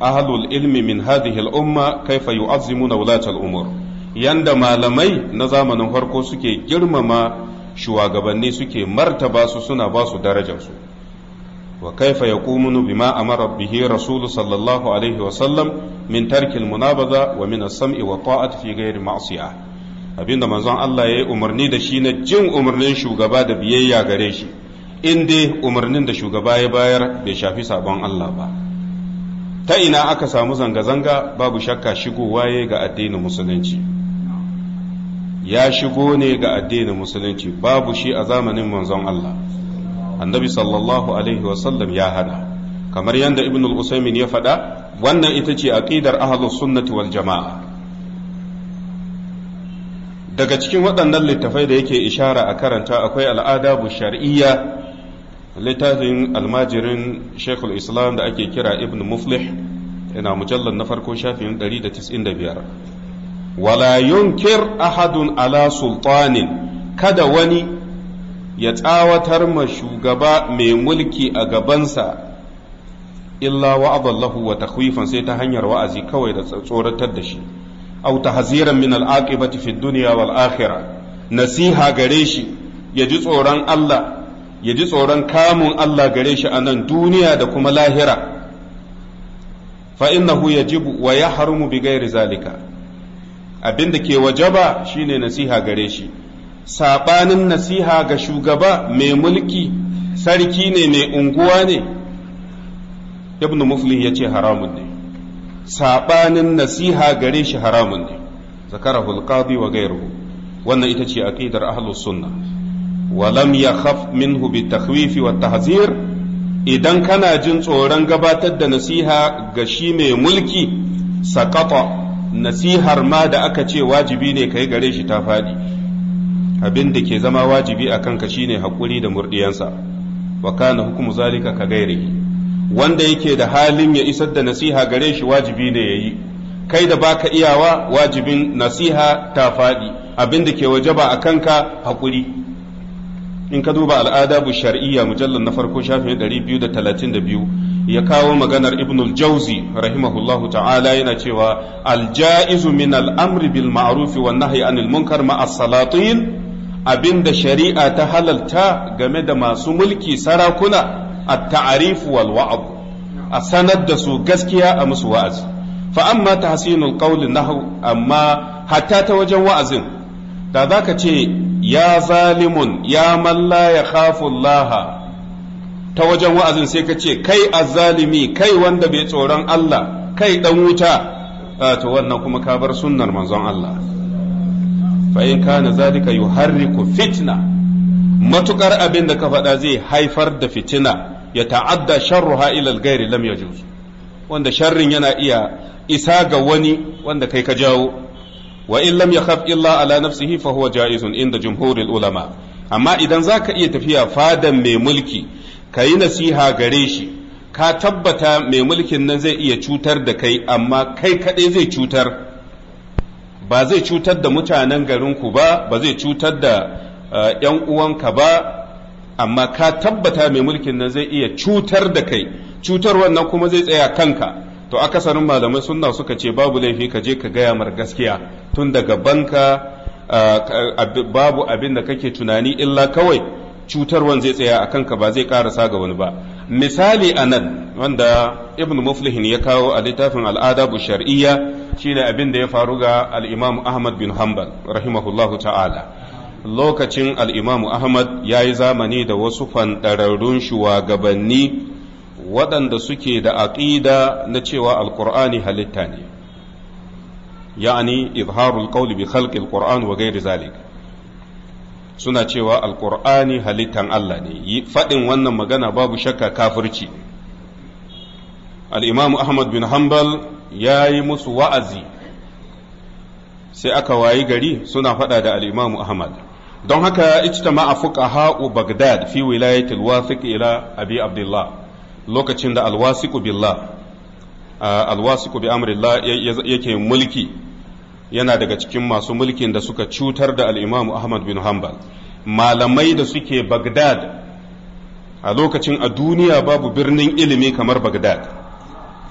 ahlul ilmi min hadhihi al-umma kaifa yu'azzimuna wulata al-umur yanda malamai na zamanin farko suke girmama shugabanni suke martaba su suna ba su darajarsu su wa kaifa yaqumunu bima amara bihi rasulu sallallahu alaihi wa sallam min tarkil munabaza wa min as-sam'i wa ta'ati fi ghairi ma'siyah abinda manzon Allah ya yi umarni da shi na jin umarnin shugaba da biyayya gare shi in dai umarnin da shugaba ya bayar bai shafi sabon Allah ba ta ina aka samu zanga-zanga babu shakka shigowa ya ga addinin musulunci ya shigo ne ga addinin musulunci babu shi a zamanin manzon Allah annabi sallallahu alaihi wasallam ya hana kamar yadda ibn al-usaymin ya faɗa wannan ita ce aqidar ahlus sunnati wal jama'a daga cikin waɗannan littafai da yake ishara a karanta akwai al'adabu shar'iyya littafin almajirin shekul islam da ake kira ibn muflih yana mujallar na farko shafin 195 wala yunkir ahadun ala sultanin kada wani ya tsawatar ma shugaba mai mulki a gabansa illa wa'adallahu wa takhwifan sai ta hanyar wa'azi kawai da tsoratar da shi aw tahziran min al'aqibati fi dunya wal akhirah nasiha gare shi ya ji tsoron Allah ya ji tsoron kamun Allah gare shi a nan duniya da kuma lahira fa innahu yajibu wa yahrumu bi ghairi zalika abinda ke wajaba shine nasiha gare shi saɓanin nasiha ga shugaba mai mulki sarki ne mai unguwa ne ibn muflih ya ce haramun ne saɓanin nasiha gare shi haramun ne zakarahu alqadi wa gairuhu wannan ita ce aqidar ahlus sunna wa lam yakhaf minhu bitakhwif wa tahzir idan kana jin tsoron gabatar da nasiha ga shi mai mulki sakata nasihar ma da aka ce wajibi ne kai gare shi ta faɗi abin da ke zama wajibi a kanka shine haƙuri da murɗiyansa wa kana hukumu zalika ka gairihi wanda yake da halin ya isar da nasiha gare shi wajibi ne yayi kai da baka iyawa wajibin nasiha ta faɗi abin da ke wajaba a kanka haƙuri in ka duba al'adabu shar'iyya mujallar na farko shafin 232 ya kawo maganar ibnul jauzi rahimahullahu ta'ala yana cewa aljaizu min al'amri bil ma'rufi wan nahyi anil munkar ma'a salatin abinda shari'a ta halalta game da masu mulki sarakuna a ta'arifu wal wa'ab a sanar da su gaskiya a musu wa'azi fa amma tahsinul qawli nahu amma hatta ta wajen wa'azin da zaka ce ya zalimun ya man la yakhafu Allah ta wajen wa'azin sai ka ce kai azzalimi kai wanda bai tsoron Allah kai dan wuta ah, to wannan kuma ka bar sunnar manzon Allah fa in kana zalika yuharriku fitna matukar abin da ka faɗa zai haifar da fitina ya ta'adda sharruha ila al-ghairi wanda sharrin yana iya isa ga wani wanda kai ka jawo wa in lam yakhaf illa ala nafsihi fa huwa jaizun inda jumhuril ulama amma idan zaka iya tafiya fadan mai mulki kayi nasiha gare shi ka tabbata mai mulkin nan zai iya cutar da kai amma kai kadai zai cutar ba zai cutar da mutanen garinku ba ba zai cutar da ‘yan eh, uwanka ba amma ka tabbata mai mulkin nan zai iya cutar da kai cutar wannan kuma zai tsaya kanka to akasarin malamai sunna suka ce babu laifi ka je ka gaya mar gaskiya tun daga banka eh, babu abin da kake tunani illa kawai cutarwan zai tsaya a kanka ba zai karasa ga wani ba misali anan wanda ibn muflihin ya kawo a littafin al'ada bu shar'iyya shine abin da ya faru ga al Ahmad bin Hanbal rahimahulahu ta'ala lokacin al Ahmad Ahmad yayi zamani da wasu fandararrun shugabanni waɗanda suke da aƙida na cewa Alƙur'ani halitta ne ya'ani izharul qawli bi khalqi al wa ghairi zalik suna cewa alkur'ani halittan Allah ne faɗin wannan magana babu shakka kafirci al'imamu ahmad bin hanbal ya yi musu wa'azi sai aka wayi gari suna faɗa da al'imamu ahmad don haka ijtama a fuqaha'u bagdad fi wilayatil wasiq ila abi abdullah lokacin da alwasiqu billah alwasiqu bi amrillah yake mulki yana daga cikin masu mulkin da suka cutar da al'imamu ahmad bin hanbal malamai da suke bagdad a lokacin a duniya babu birnin ilimi kamar bagdad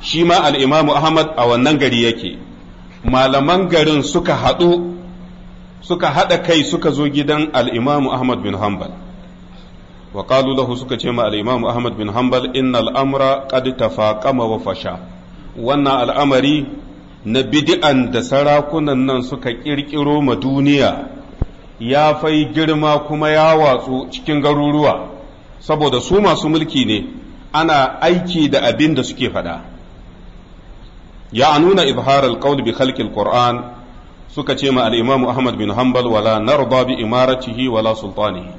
shi ma al'imamu Ahmad a wannan gari yake malaman garin suka haɗu suka haɗa kai suka zo gidan al'imamu Ahmad bin Hanbal wa lahu suka ce ma al'imamu Ahmad bin Hanbal inna al'amura qad tafaqama wa fasha wannan al'amari na bidi'an da sarakunan nan suka ƙirƙiro ma duniya ya fai girma kuma ya watsu cikin garuruwa saboda su masu mulki ne ana aiki da abin da suke faɗa. ya nuna izhar alqaul bi khalqil qur'an suka ce ma al-imam ahmad bin hanbal wala narda bi imaratihi wala sultanihi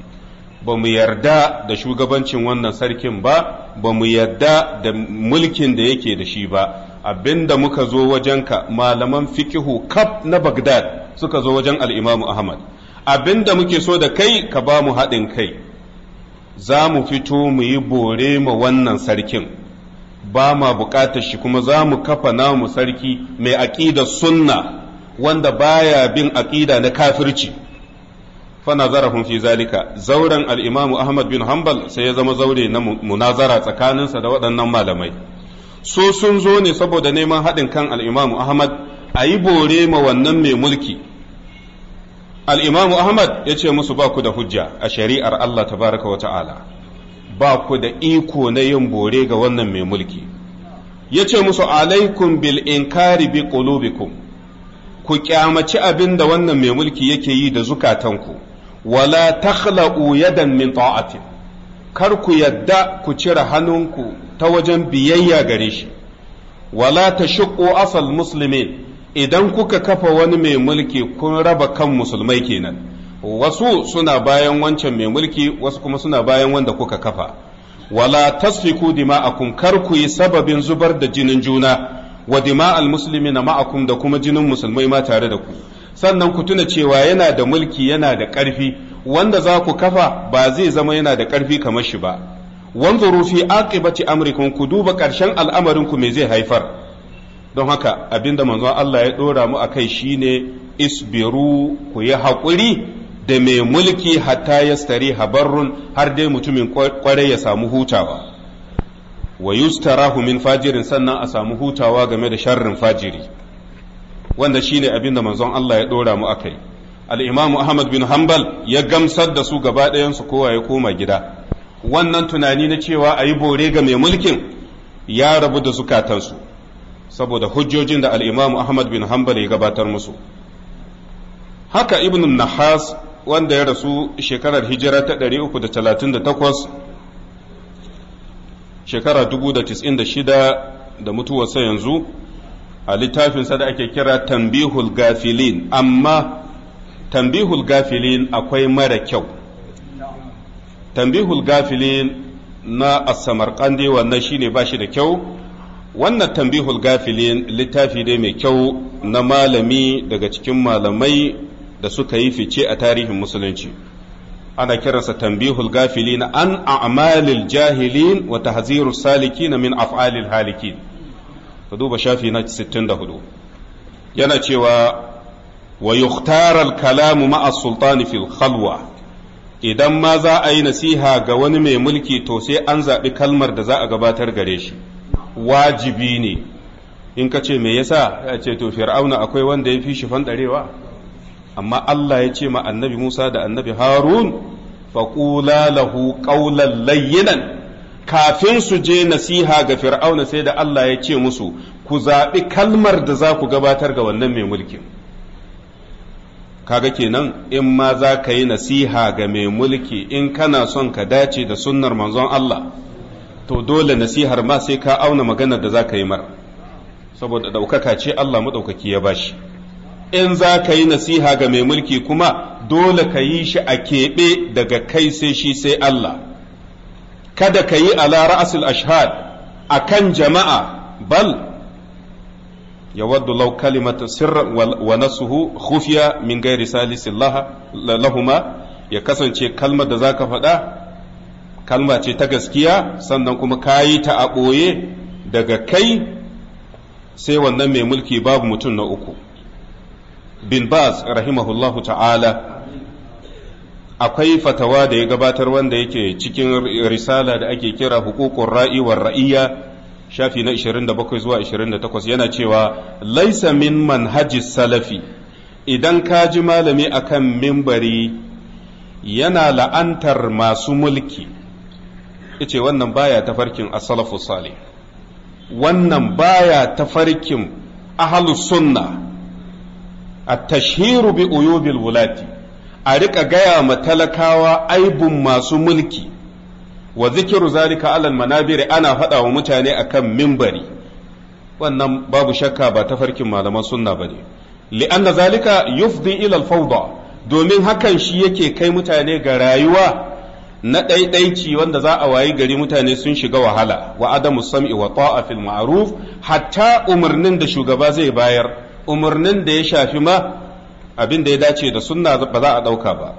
ba mu yarda da shugabancin wannan sarkin ba ba mu yarda da mulkin da yake da shi ba abinda muka zo wajenka malaman fikihu kaf na bagdad suka zo wajen al-imam ahmad abinda muke so da kai ka ba mu haɗin kai za mu fito mu yi bore ma wannan sarkin ba ma bukatar shi kuma za mu kafa namu sarki mai aƙida sunna wanda baya bin aƙida na kafirci fanazarahum fi zalika zauren al-imam ahmad bin hanbal sai ya zama zaure na munazara tsakaninsa da waɗannan malamai so sun zo ne saboda neman haɗin kan al-imam ahmad a yi bore ma wannan mai mulki al-imam ahmad ya ce musu ba ku da hujja a shari'ar allah tabaraka wa ta'ala ba ku da iko na yin bore ga wannan mai mulki ya ce musu alaikum bil inkari bi qulubikum ku kyamaci abin da wannan mai mulki yake yi da zukatanku wala takhla'u yadan min ta'atin kar ku yadda ku cire hannunku ta wajen biyayya gare shi wala ta tashqu asal muslimin idan kuka kafa wani mai mulki kun raba kan musulmai kenan wasu suna bayan wancan mai mulki wasu kuma suna bayan wanda kuka kafa wala tasfiku dima'akum kar ku yi sababin zubar da jinin juna wa dima'al na ma'akum da kuma jinin musulmai ma tare da ku sannan ku tuna cewa yana da mulki yana da ƙarfi wanda za ku kafa ba zai zama yana da ƙarfi kamar shi ba wanzuru fi aqibati amrikum ku duba karshen al'amarin ku me zai haifar don haka abinda manzon Allah ya dora mu akai shine isbiru ku yi haƙuri da mai mulki hatta ya stare habarrun har dai mutumin kwarai ya samu hutawa wa yustarahu min fajirin sannan a samu hutawa game da sharrin fajiri wanda shine abin da manzon Allah ya dora mu akai al-imam Ahmad bin Hanbal ya gamsar da su gaba ɗayan su kowa ya koma gida wannan tunani na cewa a yi bore ga mai mulkin ya rabu da zukatansu saboda hujjojin da al-imam Ahmad bin Hanbal ya gabatar musu haka ibn nahas wanda ya rasu shekarar hijira ta 338 shekara 1096 da mutuwarsa yanzu a littafinsa da ake kira tambihul gafilin amma tambihul gafilin akwai mara kyau tambihul gafilin na kande wannan shine ba shi da kyau wannan tambihul gafilin littafi ne mai kyau na malami daga cikin malamai da suka yi fice a tarihin musulunci ana kiransa tambihul na an a'malil jahilin wa tahziru na min af'alil halikin ka duba shafi na 64 yana cewa wa yukhtar al kalam ma'a sultan fil khalwa idan ma za a yi nasiha ga wani mai mulki to sai an zaɓi kalmar da za a gabatar gare shi wajibi ne in ka ce me yasa ya ce to fir'auna akwai wanda ya fi shi fanɗarewa amma Allah ya ce ma annabi Musa da annabi Harun faƙula lahu ƙaulan layyinan kafin su je nasiha ga fir'auna sai da Allah ya ce musu ku zaɓi kalmar da za ku gabatar ga wannan mai mulkin kaga kenan in ma za ka yi nasiha ga mai mulki in kana son ka dace da sunnar manzon Allah to dole nasihar ma sai ka auna maganar da za ka yi mara saboda ɗaukaka ce Allah maɗaukaki ya bashi. in za ka yi nasiha ga mai mulki kuma dole ka yi shi a keɓe daga kai sai shi sai Allah kada ka yi ala ra'asul ashhad a kan jama'a bal ya waddu لو كلمة sirra wa nasuhu من min سالس الله lahuma ya kasance kalmar da za ka faɗa kalma ce ta gaskiya sannan kuma ka yi ta a ɓoye daga kai sai wannan mai mulki babu mutum na uku bin baz rahimahullahu ta'ala akwai fatawa da ya gabatar wanda yake cikin risala da ake kira hukukun ra'i wa ra'iyya shafi na 27 zuwa 28 yana cewa laisa min manhaji salafi idan ka ji malami akan mimbari yana la'antar masu mulki ce wannan baya tafarkin as-salafu salih wannan baya tafarkin ahlus sunna A tashhiru bi uyubil wulati a rika gaya ma talakawa aibun masu mulki wa zikiru zalika alal manabir ana faɗawa mutane akan mimbari wannan babu shakka ba tafarkin malaman sunna bane li'anna zalika yufdi ila al-fawda domin hakan shi yake kai mutane ga rayuwa na ɗaiɗaici wanda za a wayi gari mutane sun shiga wahala wa adamu sam'i wa ta'a fil ma'ruf hatta umarnin da shugaba zai bayar umarnin da ya shafi ma abin da ya dace da sunna ba za a ɗauka ba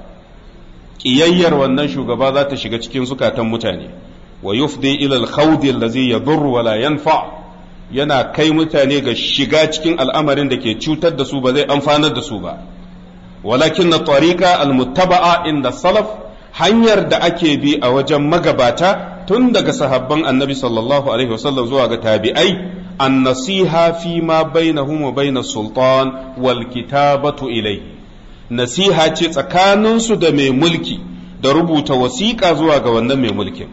ƙiyayyar wannan shugaba za ta shiga cikin zukatan mutane wa yufdi ila al-khawdi allazi yadurru wa la yanfa yana kai mutane ga shiga cikin al'amarin da ke cutar da su ba zai amfanar da su ba walakin na tariqa al-muttaba'a inda salaf hanyar da ake bi a wajen magabata tun daga sahabban annabi sallallahu alaihi wasallam zuwa ga tabi'ai an nasiha fi ma bayna hu wa bayna sultan wal kitabatu ilai nasiha ce tsakaninsu da mai mulki da rubuta wasiqa zuwa ga wannan mai mulkin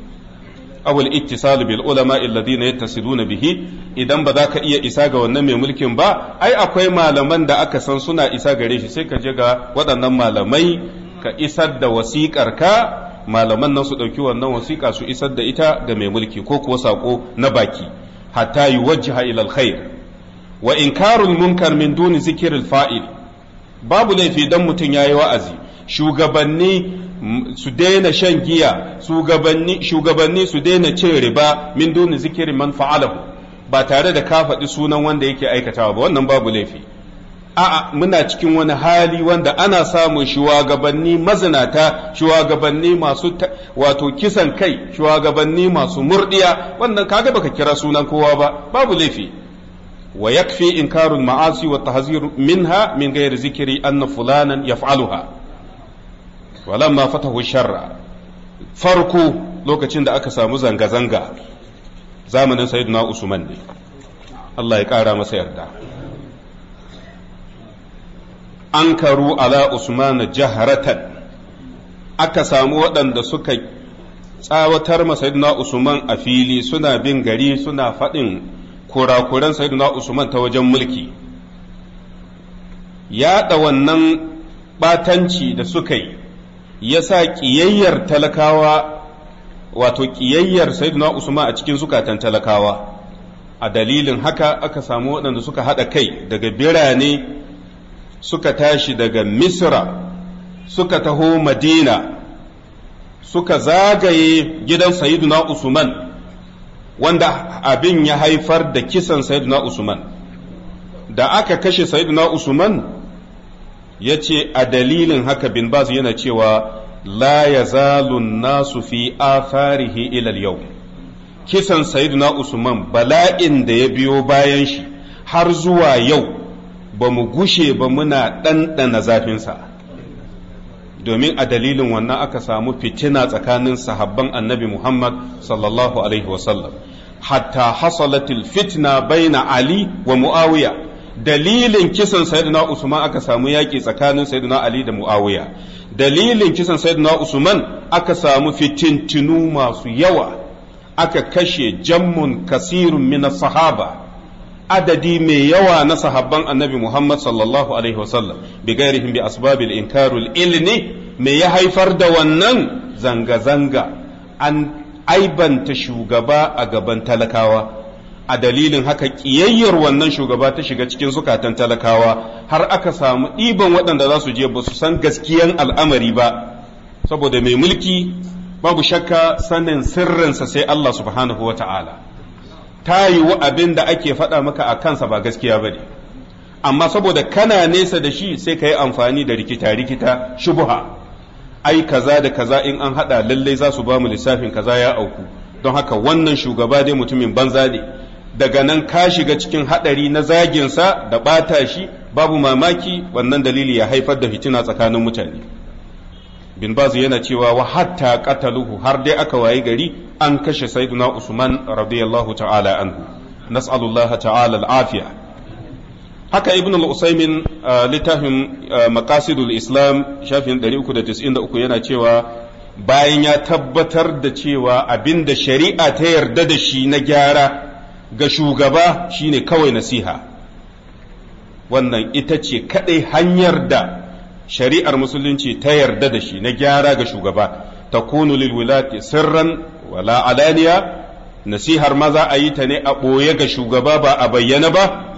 awul ittisal bil ulama alladhina yattasiduna bihi idan ba za ka iya isa ga wannan mai mulkin ba ai akwai malaman da aka san suna isa gare shi sai ka je ga waɗannan malamai ka isar da wasiƙarka malaman nan su dauki wannan wasiqa su isar da ita ga mai mulki ko kuwa sako na baki hatta yuwajjaha ila alkhair wa inkarul munkar min zikirin zikiril fa'il babu laifi dan mutum yayi wa'azi shugabanni su daina shan giya shugabanni su daina cin riba min duni zikirin man ba tare da ka faɗi sunan wanda yake aikatawa ba wannan babu laifi a'a muna cikin wani hali wanda ana samun shugabanni mazinata shugabanni masu wato kisan kai shugabanni masu murdiya wannan kaga baka kira sunan kowa ba babu laifi wa yakfi inkarul ma'asi wa tahziru minha min ghairi zikri anna fulanan yaf'aluha walamma fatahu sharra farko lokacin da aka samu zanga zanga zamanin sayyidina usman ne Allah ya kara masa yarda ankaru ala usman jaharatan aka samu waɗanda suka tsawatar ma sayyidina usman a fili suna bin gari suna faɗin kurakuran sayyidina usman ta wajen mulki yaɗa wannan batanci da suka yi ya sa ƙiyayyar talakawa wato ƙiyayyar sayyidina usman a cikin zukatan talakawa a dalilin haka aka samu waɗanda suka haɗa kai daga birane suka tashi daga misra suka taho madina suka zagaye gidan sayiduna usman wanda abin ya haifar da kisan sayiduna usman da aka kashe sayiduna usman ya ce a dalilin haka bin baz yana cewa la ya zalun nasu fi farihi ilal yau kisan sayiduna usman bala'in da ya biyo bayan shi har zuwa yau ba mu gushe ba muna ɗanɗana zafinsa domin a dalilin wannan aka samu fitina tsakanin sahabban annabi Muhammad sallallahu alaihi wasallam hatta hasalatil fitna baina Ali wa Muawiya dalilin kisan sayyidina Usman aka samu yaƙi tsakanin sayyidina Ali da Muawiya dalilin kisan sayyidina Usman aka samu fitintinu masu yawa aka kashe jammun kasirun min sahaba adadi mai yawa na sahabban annabi Muhammad sallallahu alaihi wasallam bi gairihim bi asbabil inkarul ilmi mai ya haifar da wannan zanga zanga an aibanta shugaba a gaban talakawa a dalilin haka ƙiyayyar wannan shugaba ta shiga cikin zukatan talakawa har aka samu ɗiban waɗanda za su je ba su san gaskiyan al'amari ba saboda mai mulki babu shakka sanin sirrinsa sai Allah subhanahu wa ta'ala ta yiwu abin da ake faɗa maka a kansa ba gaskiya ba ne amma saboda kana nesa da shi sai ka yi amfani da rikita-rikita shubuha ai kaza da kaza in an haɗa lallai za su ba mu lissafin kaza ya auku don haka wannan shugaba dai mutumin banza ne daga nan ka shiga cikin haɗari na zaginsa da ɓata shi babu mamaki wannan dalili ya haifar da fitina tsakanin mutane bin bazu yana cewa wa hatta qataluhu har dai aka wayi gari an kashe sayyiduna usman radiyallahu ta'ala anhu nas'alullaha ta'ala al'afiya haka ibn al-usaymin uh, littafin uh, maqasidul islam shafin 393 yana cewa bayan ya tabbatar da cewa abinda shari'a ta yarda da shi na gyara ga shugaba shine kawai nasiha wannan ita ce kadai hanyar da shari'ar musulunci ta yarda da shi na gyara ga shugaba ta kunu lilwilati sirran wala alaniya nasihar ma za a yi ta ne a ɓoye ga shugaba ba a bayyana ba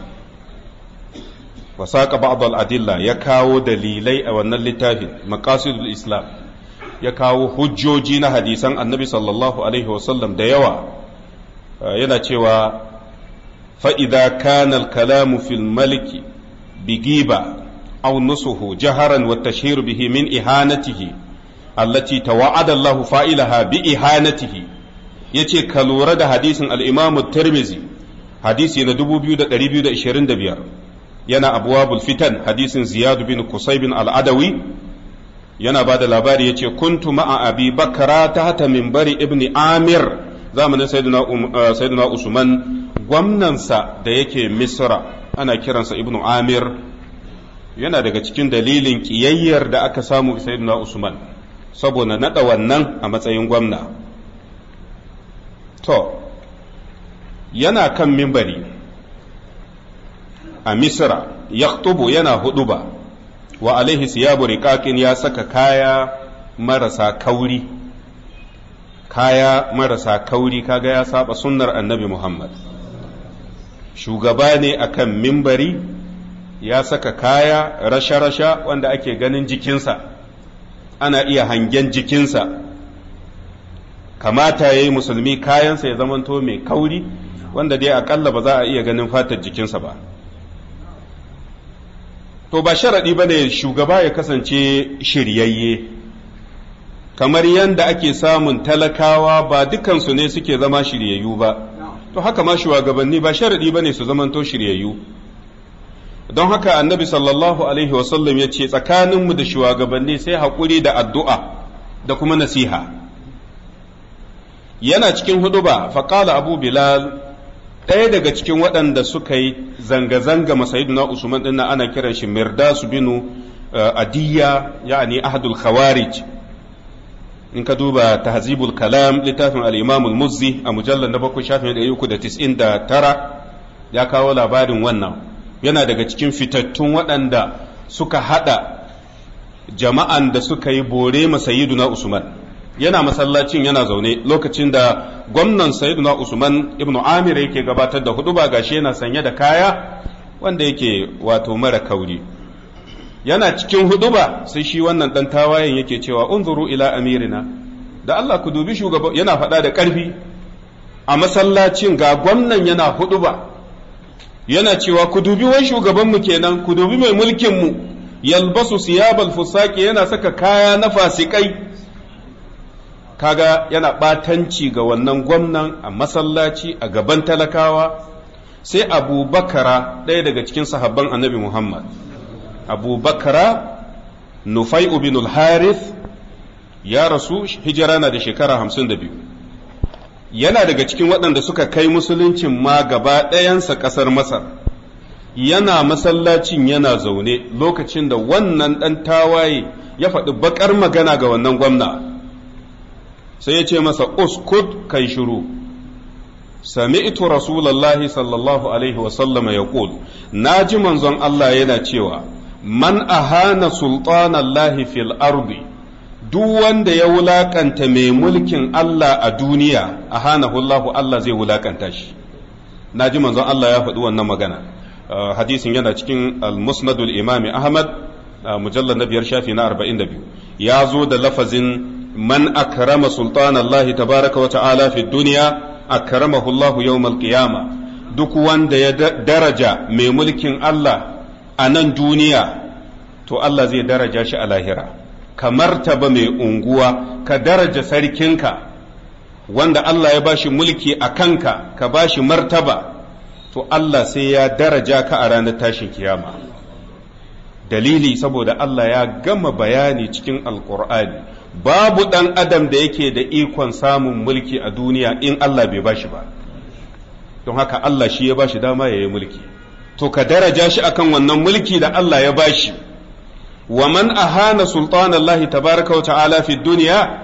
wasaƙa ba'dal adilla ya kawo dalilai a wannan littafin maqasidul islam ya kawo hujjoji na hadisan annabi sallallahu alaihi wasallam da yawa ah, yana cewa fa'ida كان kalamu في الملك بجيبة aw nusuhu jaharan wa tashhir bihi min ihanatihi allati tawa'ada Allahu fa'ilaha bi ihanatihi yace ka lura da hadisin al-Imam tirmizi hadisi na 2225 yana abwabul fitan hadisin Ziyad bin Qusay bin yana ba da labari yace kuntu ma'a Abi Bakra tahta minbari Ibn Amir zamanin Sayyidina Usman gwamnansa da yake Misra ana kiransa ibnu Amir yana daga cikin dalilin ƙiyayyar da aka samu sayyidina usman saboda naɗa wannan a matsayin gwamna to yana kan mimbari a misra ya yana huduba wa alaihi siyabu riƙaƙin ya saka kaya marasa kauri kaya marasa kauri kaga ya saba sunnar annabi muhammad shugaba ne akan mimbari ya saka kaya rasha-rasha wanda ake ganin jikinsa ana iya hangen jikinsa kamata ya yi musulmi kayansa ya zamanto mai kauri wanda dai akalla ba za a iya ganin fatar jikinsa ba to ba sharaɗi ba ne shugaba ya kasance shiryayye kamar yadda ake samun talakawa ba dukansu ne suke zama shiryayyu ba to haka ma shugabanni ba sharaɗi ba ne su zamanto shiryayyu don haka annabi sallallahu alaihi wasallam ya ce tsakaninmu da shugabanni sai haƙuri da addu'a da kuma nasiha yana cikin ba faƙala abu bilal ɗaya daga cikin waɗanda suka yi zanga-zanga na usman ɗin ana kiran shi mirdasu binu eh, adiya ya'ani ahadul khawarij in ka duba tahzibul kalam littafin al-imam al-muzzi a mujallar na bakwai shafin da uku da tara ya kawo labarin wannan yana daga cikin fitattun waɗanda suka haɗa jama'an da suka yi bore ma sayyiduna usman yana masallacin yana zaune lokacin da gwamnan sayyiduna usman ibnu amir yake gabatar da hudu ba gashi yana sanye da kaya wanda yake wato mara kauri yana cikin ba sai shi wannan dan tawayen yake cewa unzuru ila amirina da Allah ku dubi shugaba yana faɗa da ƙarfi a masallacin ga gwamnan yana ba yana cewa ku dubi wai shugabanmu kenan ku dubi mai mulkinmu yalbasu siyabal fusaki yana saka kaya na fasikai kaga yana ɓatanci ga wannan gwamnan a masallaci a gaban talakawa sai abubakara ɗaya daga cikin sahabban annabi muhammad abubakara nufai al harith ya rasu hijira na da shekara hamsin da biyu yana daga cikin waɗanda suka kai musuluncin ma gaba ɗayansa ƙasar Masar, yana masallacin yana zaune lokacin da wannan ɗan tawaye ya faɗi baƙar magana ga wannan gwamna, sai ya ce masa, Uskud kai shiru, sami'tu Rasulallahi sallallahu Alaihi wasallama ya na ji manzon Allah yana cewa, Man ahana sultanallahi fil ardi. duk wanda ya wulaƙanta mai mulkin Allah a duniya a hanahullahu Allah zai wulakanta shi na ji manzon Allah ya faɗi wannan magana uh, hadisin yana cikin al-musnadul imami ahmad uh, mujallar na biyar shafi na arba'in da biyu ya zo da lafazin man akrama sultan Allah tabaraka wa ta'ala fi duniya akramahu Allah yawmal qiyama duk wanda ya daraja mai mulkin Allah a nan duniya to Allah zai daraja shi a lahira ka martaba mai unguwa ka daraja sarkinka wanda Allah ya bashi mulki a kanka ka bashi martaba to Allah sai ya daraja ka a ranar tashin kiyama dalili saboda Allah ya gama bayani cikin alkur'ani babu ɗan adam da yake da ikon samun mulki a duniya in Allah bai bashi ba don haka Allah shi ya bashi dama ya yi mulki to ka daraja shi akan wannan mulki da Allah ya bashi wa man ahana sultanallahi tabaraka wa ta'ala fi duniya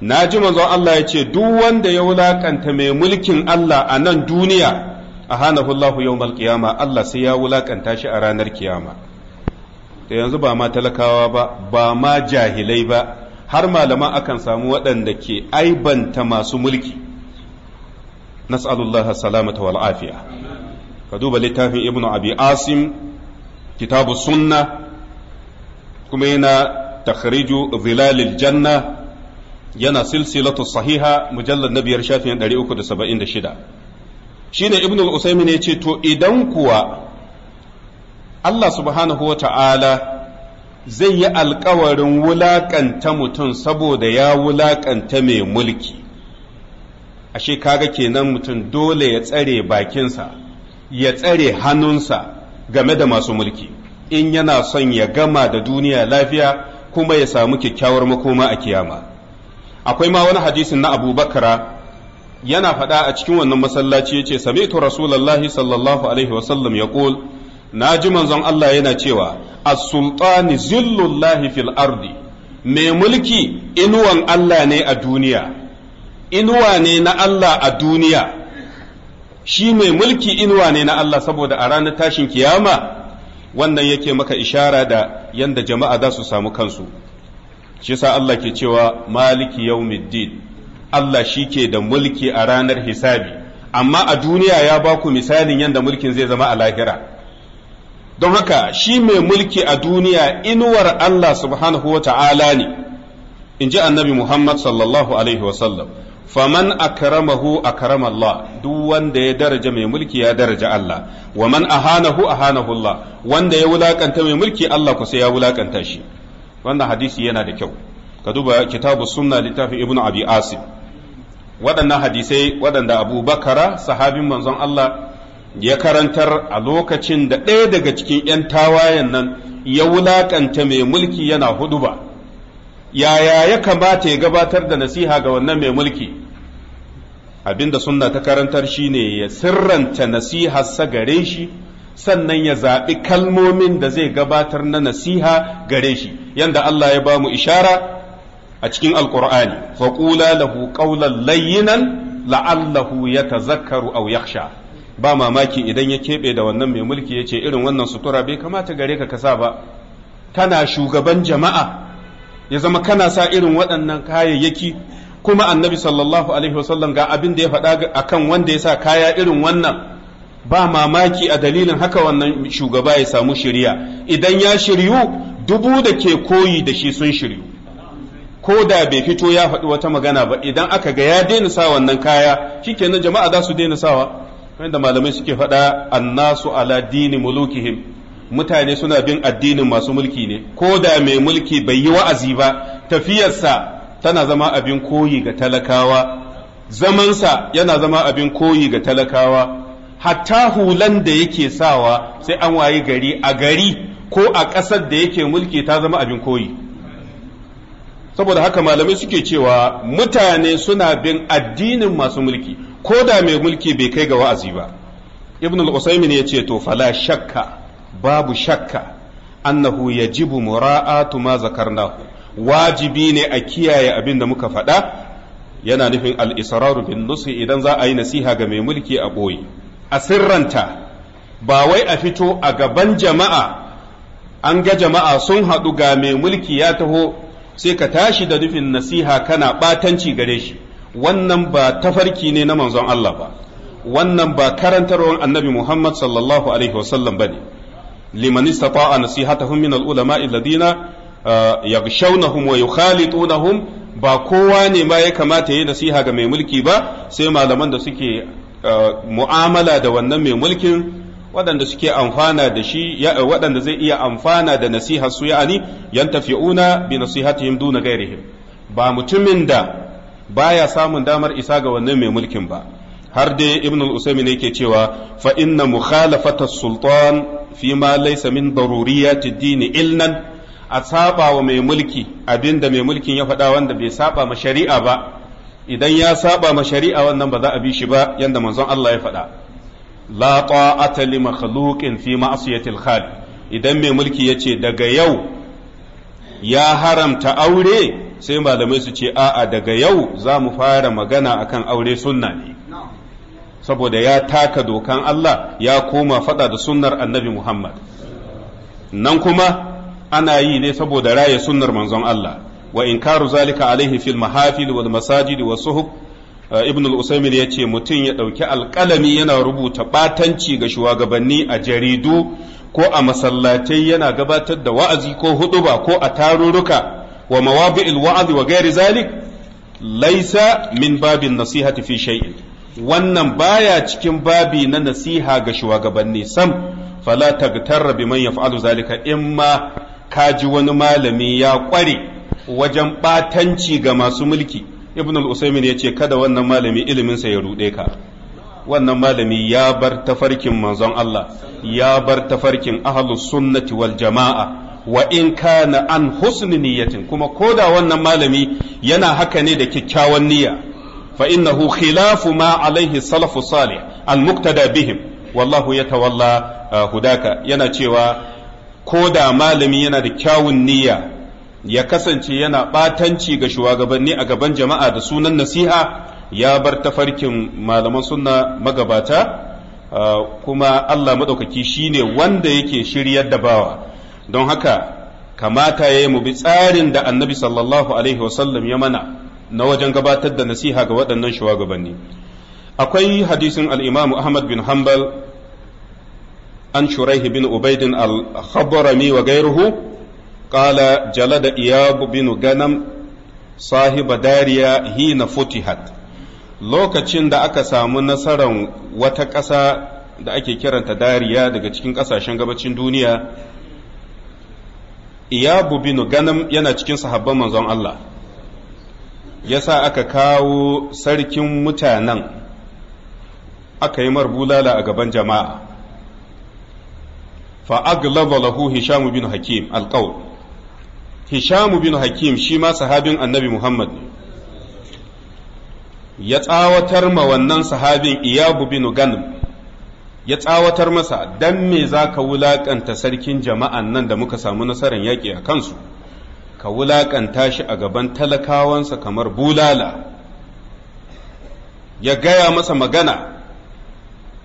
na ji manzon Allah ya ce duk wanda ya wulaƙanta mai mulkin Allah a nan duniya ahanahu Allahu yawmal qiyama Allah sai ya wulakanta shi a ranar kiyama to yanzu ba ma talakawa ba ba ma jahilai ba har malama akan samu waɗanda ke aibanta masu mulki nas'alullaha salamata wal afiya ka duba littafin ibnu abi asim kitabu sunna kuma yana takhriju zilalil janna yana silsilatu sahiha mujallar na biyar shafin 376 shine ibnu al ya ce to idan kuwa Allah subhanahu wa ta'ala zai yi alkawarin wulakanta mutum saboda ya wulakanta mai mulki ashe kaga kenan mutum dole ya tsare bakinsa ya tsare hannunsa game da masu mulki in yana son ya gama da duniya lafiya kuma ya samu kyakkyawar makoma a kiyama akwai ma wani hadisin na Abu yana faɗa a cikin wannan masallaci yace sami'tu rasulullahi sallallahu alaihi wasallam yaqul na ji manzon Allah yana cewa as-sultani zillullahi fil ardi mai mulki inuwan Allah ne a duniya inuwa ne na Allah a duniya shi mai mulki inuwa ne na Allah saboda a ranar tashin kiyama wannan yake maka ishara da yanda jama'a za su samu kansu shi yasa Allah ke cewa maliki yawmiddin Allah shi ke da mulki a ranar hisabi amma a duniya ya ba ku misalin yanda mulkin zai zama a lahira don haka shi mai mulki a duniya inuwar Allah subhanahu wa ta'ala ne in ji annabi Muhammad sallallahu alaihi wa sallam. faman akramahu akrama Allah duk wanda ya daraja mai mulki ya daraja Allah wa man ahanahu ahanahu Allah wanda ya wulakanta mai mulki Allah ku sai ya wulakanta shi wannan hadisi yana da kyau ka duba kitabu sunna littafin ibnu abi asim waɗannan hadisai waɗanda abu bakara sahabin manzon Allah ya karantar a lokacin da ɗaya daga cikin 'yan tawayen nan ya wulakanta mai mulki yana huduba ba yaya ya kamata ya gabatar da nasiha ga wannan mai mulki abinda sunna ta karantar shine ya sirranta nasiharsa gare shi sannan ya zaɓi kalmomin da zai gabatar na nasiha gare shi yanda Allah ya ba mu ishara a cikin alkur'ani faƙula lahu ƙaunar layyinan la'allahu ya ta aw yakhsha ba mamaki idan ya keɓe da wannan mai mulki ya ce irin wannan sutura bai kamata gare ka kasa ba Tana shugaban jama'a ya zama kana sa irin waɗannan kayayyaki kuma annabi sallallahu alaihi wasallam ga abin da ya faɗa kan wanda ya sa kaya irin wannan ba mamaki a dalilin haka wannan shugaba ya samu shirya idan ya shiryu dubu da ke koyi da shi sun shiryu ko da bai fito ya faɗi wata magana ba idan aka ga ya daina sa wannan kaya shikenan jama'a za su daina sawa wanda malamai suke faɗa annasu ala dini mulukihim mutane suna bin addinin masu mulki ne ko da mai mulki bai yi wa'azi ba tafiyarsa tana zama abin koyi ga talakawa zamansa yana zama abin koyi ga talakawa hatta hulan da yake sawa sai an wayi gari a gari ko a ƙasar da yake mulki ta zama abin koyi saboda haka malamai suke cewa mutane suna bin addinin masu mulki ko da mai mulki bai kai ga wa'azi ba ibn al-usaymin ya ce to fala shakka babu shakka annahu yajibu mura'atu ma zakarnahu wajibi ne a kiyaye abin da muka faɗa yana nufin al-israru bin nusi idan za a yi nasiha ga mai mulki a boye a sirranta ba wai a fito a gaban jama'a an ga jama'a sun haɗu ga mai mulki ya taho sai ka tashi da nufin nasiha kana ɓatanci gare shi wannan ba tafarki ne na manzon Allah ba wannan ba karantarwar annabi Muhammad sallallahu alaihi wasallam ba ne liman istata'a nasihatahum min al-ulama alladhina yaghshawnahum wa yukhalitunahum ba kowa ne ma ya kamata ya yi nasiha ga mai mulki ba sai malaman da suke mu'amala da wannan mai mulkin waɗanda suke amfana da shi waɗanda zai iya amfana da nasiha su ya'ani yantafi'una bi nasihatihim duna ghairihim ba mutumin da baya samun damar isa ga wannan mai mulkin ba har dai ibn al-usaymin yake cewa fa inna mukhalafata sultan fi ma laysa min daruriyati dini ilnan a saba wa mai mulki abinda mai mulkin ya faɗa wanda bai saba ma shari'a ba idan ya saba ma shari'a wannan ba za a bi shi ba yanda manzon Allah ya faɗa la ta'ata li makhluqin fi ma'siyatil khaliq idan mai mulki yace daga yau ya haramta aure sai malamai su ce a'a daga yau za mu fara magana akan aure sunna ne saboda ya taka dokan Allah ya koma faɗa da sunnar annabi Muhammad nan kuma ana yi ne saboda raye sunnar manzon Allah wa karu zalika alaihi fil mahafil wal masajid wa suhub uh, ibn al ya ce mutum ya ɗauki alkalami yana rubuta batanci ga shugabanni a jaridu ko a masallatai yana gabatar da wa'azi ko huduba ko a tarurruka wa mawabi'il wa'azi wa gairi zalik laisa min babin nasihati fi shay'in wannan baya cikin babi na nasiha ga shugabanni sam fala tagtarra biman yaf'alu zalika imma ka ji wani malami ya kware wajen batanci ga masu mulki ibn al-usaymin yace kada wannan malami ilimin sa ya rude ka wannan malami ya bar tafarkin manzon Allah ya bar tafarkin ahlus sunnati wal jama'a wa in kana an husni niyatin kuma koda wannan malami yana haka ne da kyakkyawan niyya fa innahu khilafu ma alaihi salafu salih al muktada bihim wallahu yatawalla ah, hudaka yana cewa ko da malami yana da kyawun niyya ya kasance yana ɓatanci ga shugabanni a gaban jama'a da sunan nasiha ya bar tafarkin malaman sunna magabata ah, kuma Allah maɗaukaki shine wanda yake shiryar da bawa don haka kamata ya yi mu bi tsarin da annabi sallallahu alaihi wasallam ya mana na wajen gabatar da nasiha ga waɗannan shugabanni akwai hadisin al'imamu ahmad bin hanbal an shuraihi bin ubaidin al-khabarami wa gairuhu jala da iyabu bin ganam sahiba dariya hina futihat lokacin da aka samu nasarar wata ƙasa da ake kiranta dariya daga cikin ƙasashen gabacin duniya iyabu bin ganam yana cikin sahabban manzon Allah Ya sa aka kawo sarkin mutanen aka yi marbulala a gaban jama'a fa'aglaba lahu Hishamu bin hakim alƙaul Hishamu bin hakim shi ma sahabin annabi muhammad ne ya tsawatar ma wannan sahabin iyabu bin ganin ya tsawatar masa don me za ka wulaƙanta sarkin jama'an nan da muka samu nasarar yaƙi a kansu ka wulaƙanta shi a gaban talakawansa kamar bulala ya gaya masa magana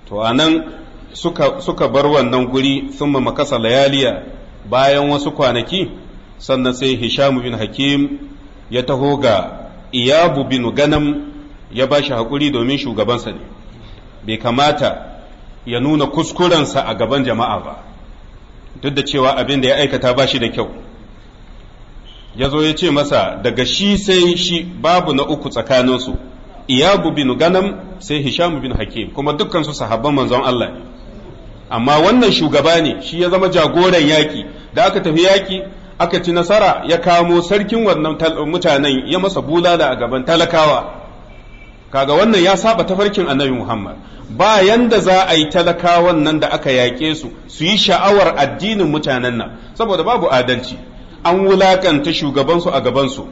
to a nan suka, bar wannan guri sun makasa layaliya bayan wasu kwanaki sannan sai hishamu bin hakim ya taho ga iyabu bin ganam ya ba shi haƙuri domin shugabansa ne bai kamata ya nuna kuskurensa a gaban jama'a ba duk da cewa abin da ya aikata ba shi da kyau ya zo ya ce masa daga shi sai shi babu na uku tsakaninsu iyabu bin ganam sai hisham bin hakim kuma dukkansu sahabban manzon Allah amma wannan shugaba ne shi ya zama jagoran yaki da aka tafi yaki aka ci nasara ya kamo sarkin wannan mutanen ya masa bulala a gaban talakawa kaga wannan ya saba tafarkin annabi Muhammad ba yanda za a yi talakawan nan da aka yaƙe su su yi sha'awar addinin mutanen nan saboda babu adalci an wulakanta shugabansu a gabansu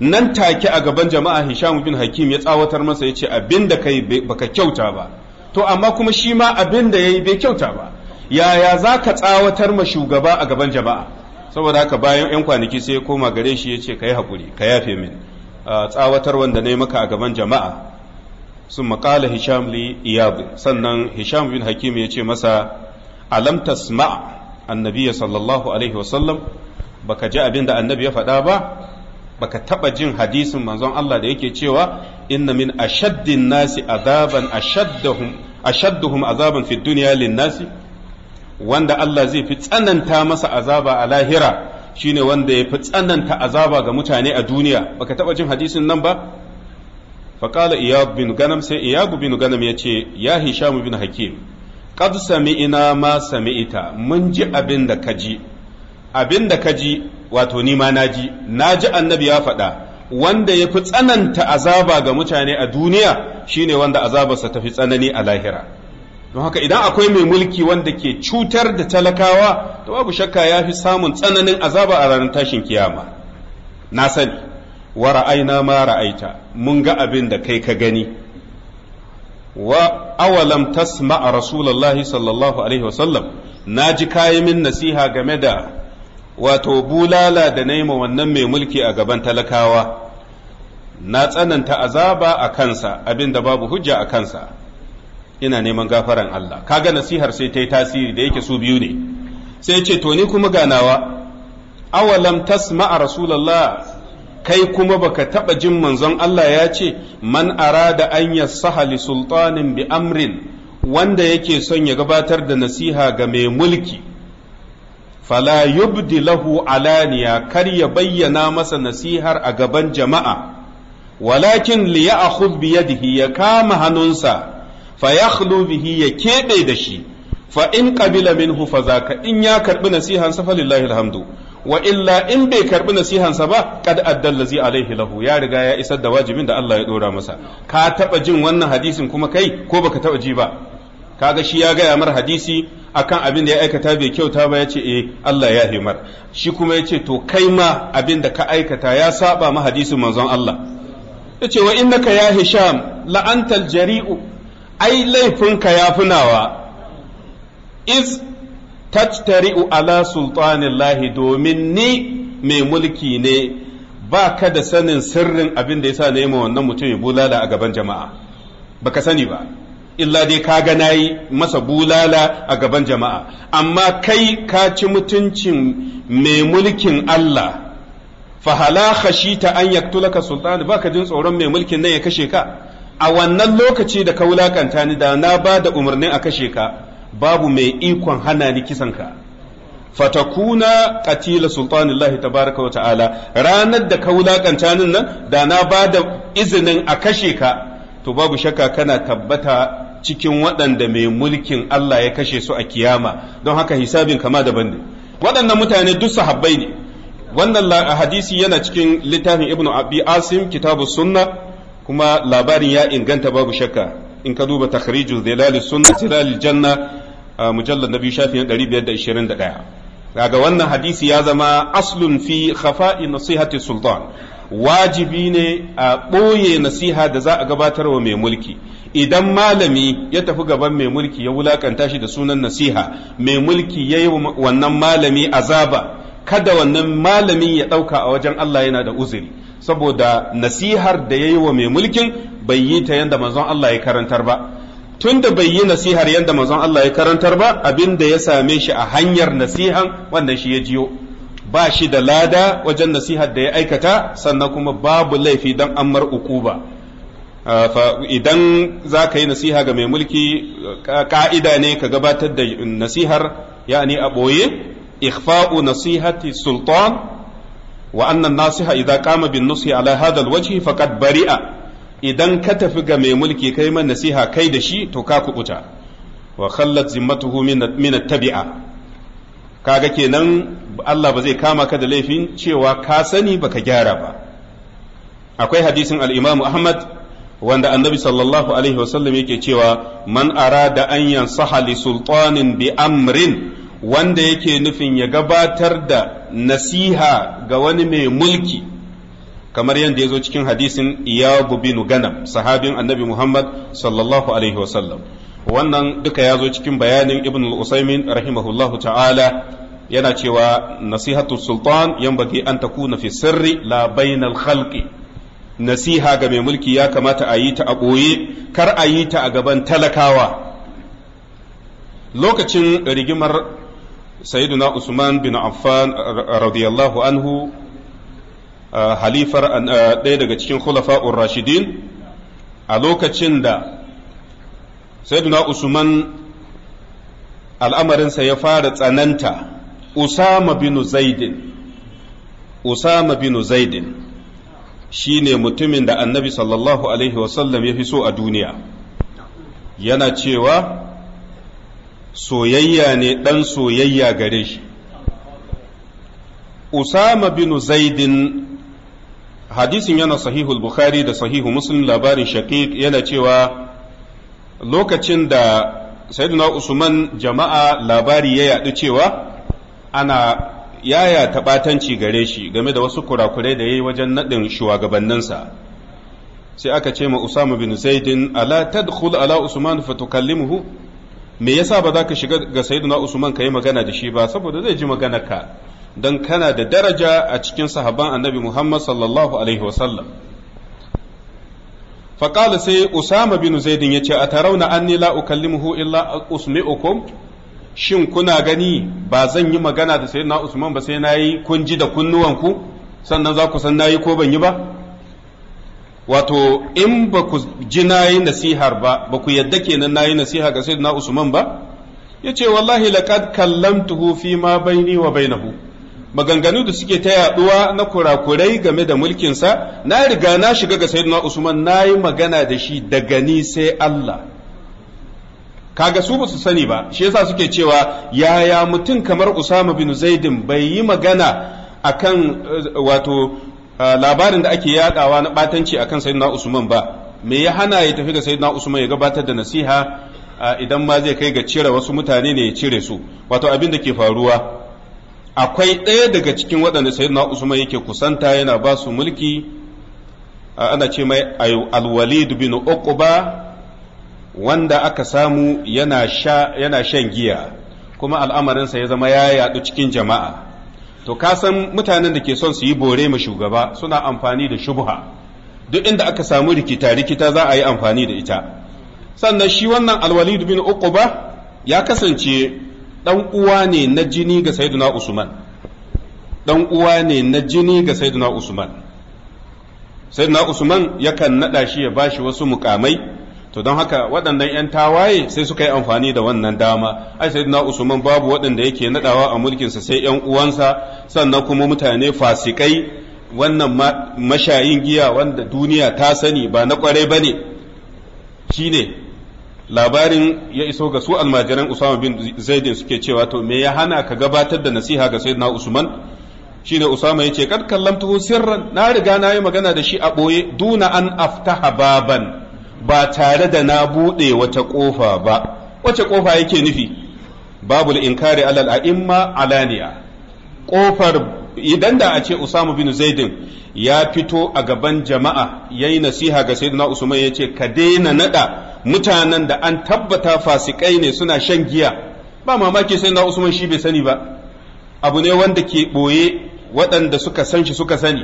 nan take a gaban jama'a Hisham bin Hakim ya tsawatar masa ya ce abin da kai baka kyauta ba to amma kuma shi ma abin da yayi bai kyauta ba yaya za ka tsawatar ma shugaba a gaban jama'a saboda haka bayan 'yan kwanaki sai ya koma gare shi ya ce ka yi haƙuri ka yafe min tsawatar wanda na yi maka a gaban jama'a sun maƙala hisham li iyab sannan hisham bin hakim ya ce masa alam tasma annabiya sallallahu alaihi wasallam baka ji abin da annabi ya faɗa ba baka taɓa jin hadisin manzon Allah da yake cewa inna min ashaddin nasi azaban ashadduhum ashadduhum azaban fi dunya lin nasi wanda Allah zai fi tsananta masa azaba a lahira shine wanda ya fi tsananta azaba ga mutane a duniya baka taɓa jin hadisin nan ba فقال إياب بن غنم سي إياب بن غنم يتي يا هشام بن حكيم قد سمعنا mun ji abin da ka ji. abin da ka ji wato ni ma na ji na ji annabi ya faɗa wanda ya fi tsananta azaba ga mutane a duniya shine wanda azabarsa ta fi tsanani a lahira don haka idan akwai mai mulki wanda ke cutar da talakawa to babu shakka ya fi samun tsananin azaba a ranar tashin kiyama na sani wa ra'aina ma ra'aita mun ga abin da kai ka gani wa awalam tasma rasulullahi sallallahu alaihi wasallam naji kayi min nasiha game da wato bulala da naima wannan mai mulki a gaban talakawa na tsananta azaba a kansa abinda babu hujja a kansa ina neman gafaran Allah kaga nasihar sai ta yi tasiri da yake su biyu ne sai ce to ni kuma ganawa awalam tasma'a rasulullah kai kuma baka taba jin manzon Allah ya ce man da an yassaha li sultanin bi amrin wanda yake son ya gabatar da nasiha ga mai mulki fala yubdi lahu alaniya kar ya bayyana masa nasihar a gaban jama'a walakin li ya'khudh bi yadihi ya kama hannunsa fa yakhlu bihi ya kebe da shi fa in qabila minhu fa zaka in ya karɓi nasihan sa falillahi alhamdu wa illa in bai karɓi nasihansa ba kad addallazi alaihi lahu ya riga ya isar da wajibin da Allah ya ɗora masa ka taɓa jin wannan hadisin kuma kai ko baka taba ji ba kaga shi ya gaya mar hadisi akan abin da ya aikata bai kyauta ba ya ce eh Allah ya himar shi kuma ya ce to kai ma abin da ka aikata ya saba ma hadisin manzon Allah ya ce wa innaka ya hisham la'antal jari'u ai laifinka ya funawa is tattari'u ala sultanillahi domin ni mai mulki ne ba ka da sanin sirrin abin da ya sa na yi wannan mutum ya bulala a gaban jama'a baka sani ba illa dai ka ga nayi masa bulala a gaban jama'a amma kai ka ci mutuncin mai mulkin Allah fahala khashita an yaktulaka sultan ka jin tsoron mai mulkin nan ya kashe ka a wannan lokaci da ka wulakanta ni da na ba da umarnin a kashe ka babu mai ikon hana ni kisan ka fatakuna qatila sultanillahi tabaraka wa ta'ala ranar da ka wulakanta nan da na ba da izinin a kashe ka to babu shakka kana tabbata cikin waɗanda mai mulkin Allah ya kashe su a kiyama don haka hisabin kama daban ne waɗannan mutane duk sahabbai ne wannan hadisi yana cikin littafin ibnu abi asim kitabu sunna kuma labarin ya inganta babu shakka in ka duba takhriju zilal sunna zilal janna mujallad nabi shafi 521 kaga wannan hadisi ya zama aslun fi khafa'i nasihati sultan wajibi ne a ɓoye nasiha da za a gabatar wa mai mulki idan malami ya tafi gaban mai mulki ya wulakanta shi da sunan nasiha mai mulki ya yi wannan malami azaba kada wannan malamin ya ɗauka a wajen Allah yana da uzuri saboda nasihar da ya yi wa mai mulkin bai yi ta yadda manzon Allah ya karantar ba tun da bai yi nasihar yadda manzon Allah ya karantar ba abin da ya same shi a hanyar nasihan wannan shi ya jiyo ba shi da lada wajen nasihar da ya aikata sannan kuma babu laifi don uku ukuba uh, idan za ka yi nasiha ga mai mulki ka'ida ne ka gabatar da nasihar yani a ɓoye ikfa'u nasihati sultan wa annan nasiha idan kama bin nusi ala hadal waje faqad bari'a idan ka tafi ga mai mulki kai man nasiha kai da shi to ka kubuta wa khallat zimmatuhu min tabi'a kaga kenan Allah ba zai kama ka da laifin cewa ka sani baka gyara ba akwai hadisin al-Imam Ahmad wanda annabi sallallahu alaihi wasallam yake cewa man arada an yansaha li sultanin bi amrin wanda yake nufin ya gabatar da nasiha ga wani mai mulki kamar yadda ya zo cikin hadisin iyabu bin ganam sahabin annabi muhammad sallallahu alaihi wasallam wannan duka ya zo cikin bayanin ibn al rahimahullahu ta'ala yana cewa nasihatu sultan baki an takuna fi sirri la bainal khalqi nasiha ga mai mulki ya kamata a yi ta a ɓoye kar a yi ta a gaban talakawa lokacin rigimar sayyiduna usman bin affan radiyallahu anhu ah, halifar ah, ɗaya daga cikin khulafa'ur rashidin a lokacin da sayyiduna usman sa ya fara tsananta usama bin zaidin usama bin zaidin shi ne mutumin da annabi sallallahu alaihi wasallam ya fi so a duniya yana cewa soyayya ne ɗan soyayya gare shi usama bin zaidin hadisin yana sahihul bukhari da sahihu muslim labarin shaqiq yana cewa lokacin da sayyiduna usman jama'a labari ya yaɗu cewa ana yaya taɓatanci gare shi game da wasu kurakurai da ya yi wajen naɗin shugabanninsa sai aka ce ma usama bin zaidin ala tadkhul ala usman fa me yasa ba za ka shiga ga sayyiduna usman ka yi magana da shi ba saboda zai ji magana ka dan kana da daraja a cikin sahaban annabi muhammad sallallahu alaihi wasallam faƙala sai usama bin zaidin ya ce a tarauna anni la ukallimuhu illa usmi'ukum shin kuna gani ba zan yi magana da sayyidina usman ba sai nayi kun ji da kunnuwanku sannan za ku san nayi ko ban yi ba wato in ba ku ji nayi nasihar ba ba ku yadda kenan nayi nasiha ga sayyidina usman ba yace wallahi laqad kallan fi ma baini wa bainahu maganganu da suke ta yaduwa na kurakurai game da mulkinsa na riga na shiga ga sayyidina usman na yi magana da shi daga ni sai Allah kaga su ba su sani ba shi yasa suke cewa yaya mutum kamar usama bin zaidin bai yi magana akan eh, wato eh, labarin da ake yadawa na batanci akan sayyidina usman ba me ya hana ya tafi ga sayyidina usman ya gabatar da nasiha eh, idan ma zai kai ga cire wasu mutane ne ya cire su wato abin da ke faruwa akwai ɗaya daga cikin waɗanda sayyidina usman yake kusanta yana ba su mulki ana ce mai alwalid bin uqba wanda aka samu yana sha yana shan giya kuma al'amarinsa ya zama ya yaɗu cikin jama'a to ka san mutanen da ke son su yi bore ma shugaba suna amfani da shubha duk inda aka samu rikita rikita za a yi amfani da ita sannan shi wannan alwalid bin uqba ya kasance dan uwa ne na jini ga sayyiduna usman dan uwa ne na jini ga sayyiduna usman sayyiduna usman yakan nada shi ya bashi wasu mukamai to don haka waɗannan 'yan tawaye sai suka yi amfani da wannan dama ai sayyiduna usman babu waɗanda yake nadawa a mulkinsa sai 'yan uwansa sannan kuma mutane fasikai wannan mashayin giya wanda duniya ta sani ba na kwarai bane shine labarin ya iso ga su almajiran Usama bin Zaidin suke cewa to me ya hana ka gabatar da nasiha ga Sayyidina Usman shine Usama yace kad kallamtu sirran na riga na yi magana da shi a boye duna an aftaha baban ba tare da na bude wata kofa ba wace kofa yake nufi babul inkari alal a'imma alaniya kofar idan da a ce Usama bin Zaidin ya fito a gaban jama'a yayi nasiha ga Sayyidina Usman yace ka daina nada mutanen da an tabbata fasikai ne suna shan giya ba mamaki sai na Usman shi bai sani ba abu ne wanda ke ɓoye waɗanda suka san shi suka sani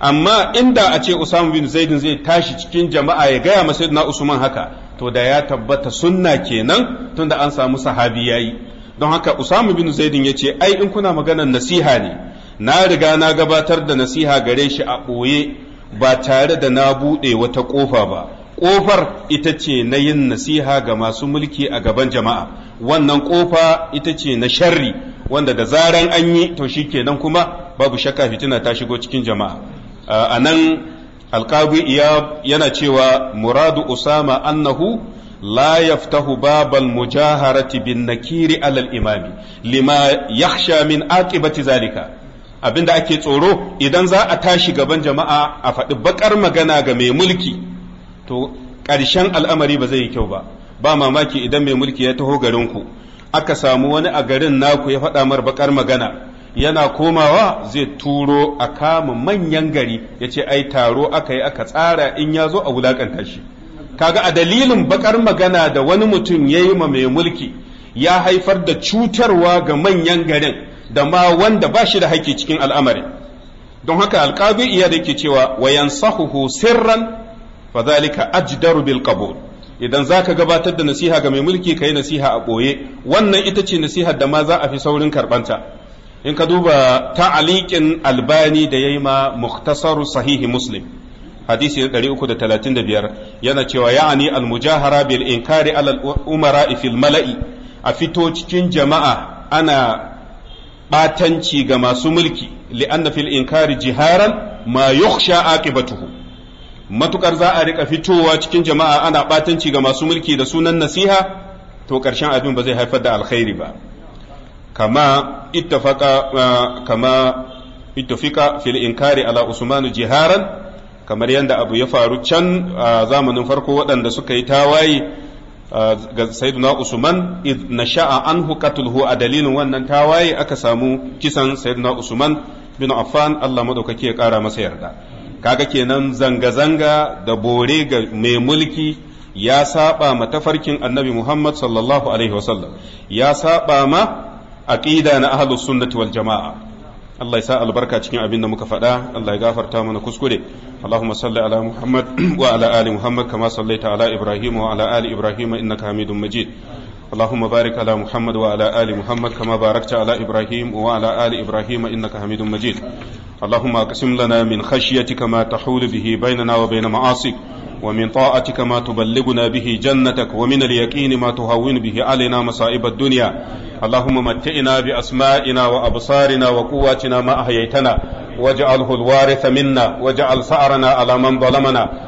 amma inda a ce usamu bin Zaidin zai tashi cikin jama'a ya gaya masa na Usman haka to da ya tabbata sunna kenan tunda an samu sahabi yayi don haka Usama bin Zaidin ya ce ai in kuna maganar nasiha ne na riga na gabatar da nasiha gare shi a ɓoye ba tare da na buɗe wata ƙofa ba ƙofar ita ce na yin nasiha ga masu mulki a gaban jama'a wannan ƙofa ita ce na sharri wanda da zaran an yi to shi kenan kuma babu shakka fitina ta shigo cikin jama'a a nan alkawi yana cewa muradu usama annahu la yaftahu babal mujaharati bin nakiri alal imami lima yakhsha min aqibati zalika abinda ake tsoro idan za a tashi gaban jama'a a faɗi baƙar magana ga mai mulki to ƙarshen al'amari ba zai yi kyau ba ba mamaki idan mai mulki ya taho garinku aka samu wani a garin naku ya faɗa mar baƙar magana yana komawa zai turo a kama manyan gari ya ce ai taro aka yi aka tsara in ya zo a wulaƙanta shi kaga a dalilin baƙar magana da wani mutum ya yi ma mai mulki ya haifar da cutarwa ga manyan garin da ma wanda ba shi da haƙƙi cikin al'amari don haka alƙabi iya da ke cewa wayan sahuhu sirran fa zalika ajdaru bil qabul idan zaka gabatar da nasiha ga mai mulki kai nasiha a boye wannan ita ce nasihar da ma za a fi saurin karbanta in ka duba ta'aliqin albani da yayi ma mukhtasar sahihi muslim hadisi 335 yana cewa ya'ani al mujahara bil inkari ala umara fil mala'i a fito cikin jama'a ana batanci ga masu mulki li'anna fil inkari jiharan ma yukhsha aqibatuhu matukar za a rika fitowa cikin jama'a ana batanci ga masu mulki da sunan nasiha to ƙarshen abin ba zai haifar da alkhairi ba kama ittafaqa kama ittafika fil inkari ala usman jiharan kamar yadda abu ya faru can a zamanin farko waɗanda suka yi tawaye ga sayyiduna usman id nasha'a anhu qatluhu a dalilin wannan tawaye aka samu kisan sayyiduna usman bin affan Allah madaukake ya kara masa yarda kaga kenan zanga-zanga da bore ga mai mulki ya saba ma tafarkin annabi Muhammad sallallahu alaihi wasallam ya saba ma aqida na ahlus sunnati wal jama'a Allah ya sa albarka cikin abin da muka faɗa Allah ya gafarta mana kuskure Allahumma salli ala Muhammad (clears throat) wa ala ali Muhammad kama sallaita ala Ibrahim wa ala ali Ibrahim innaka Hamidum Majid اللهم بارك على محمد وعلى آل محمد كما باركت على إبراهيم وعلى آل إبراهيم إنك حميد مجيد اللهم اقسم لنا من خشيتك ما تحول به بيننا وبين معاصيك ومن طاعتك ما تبلغنا به جنتك ومن اليقين ما تهون به علينا مصائب الدنيا اللهم متئنا بأسمائنا وأبصارنا وقواتنا ما أحييتنا واجعله الوارث منا واجعل ثأرنا على من ظلمنا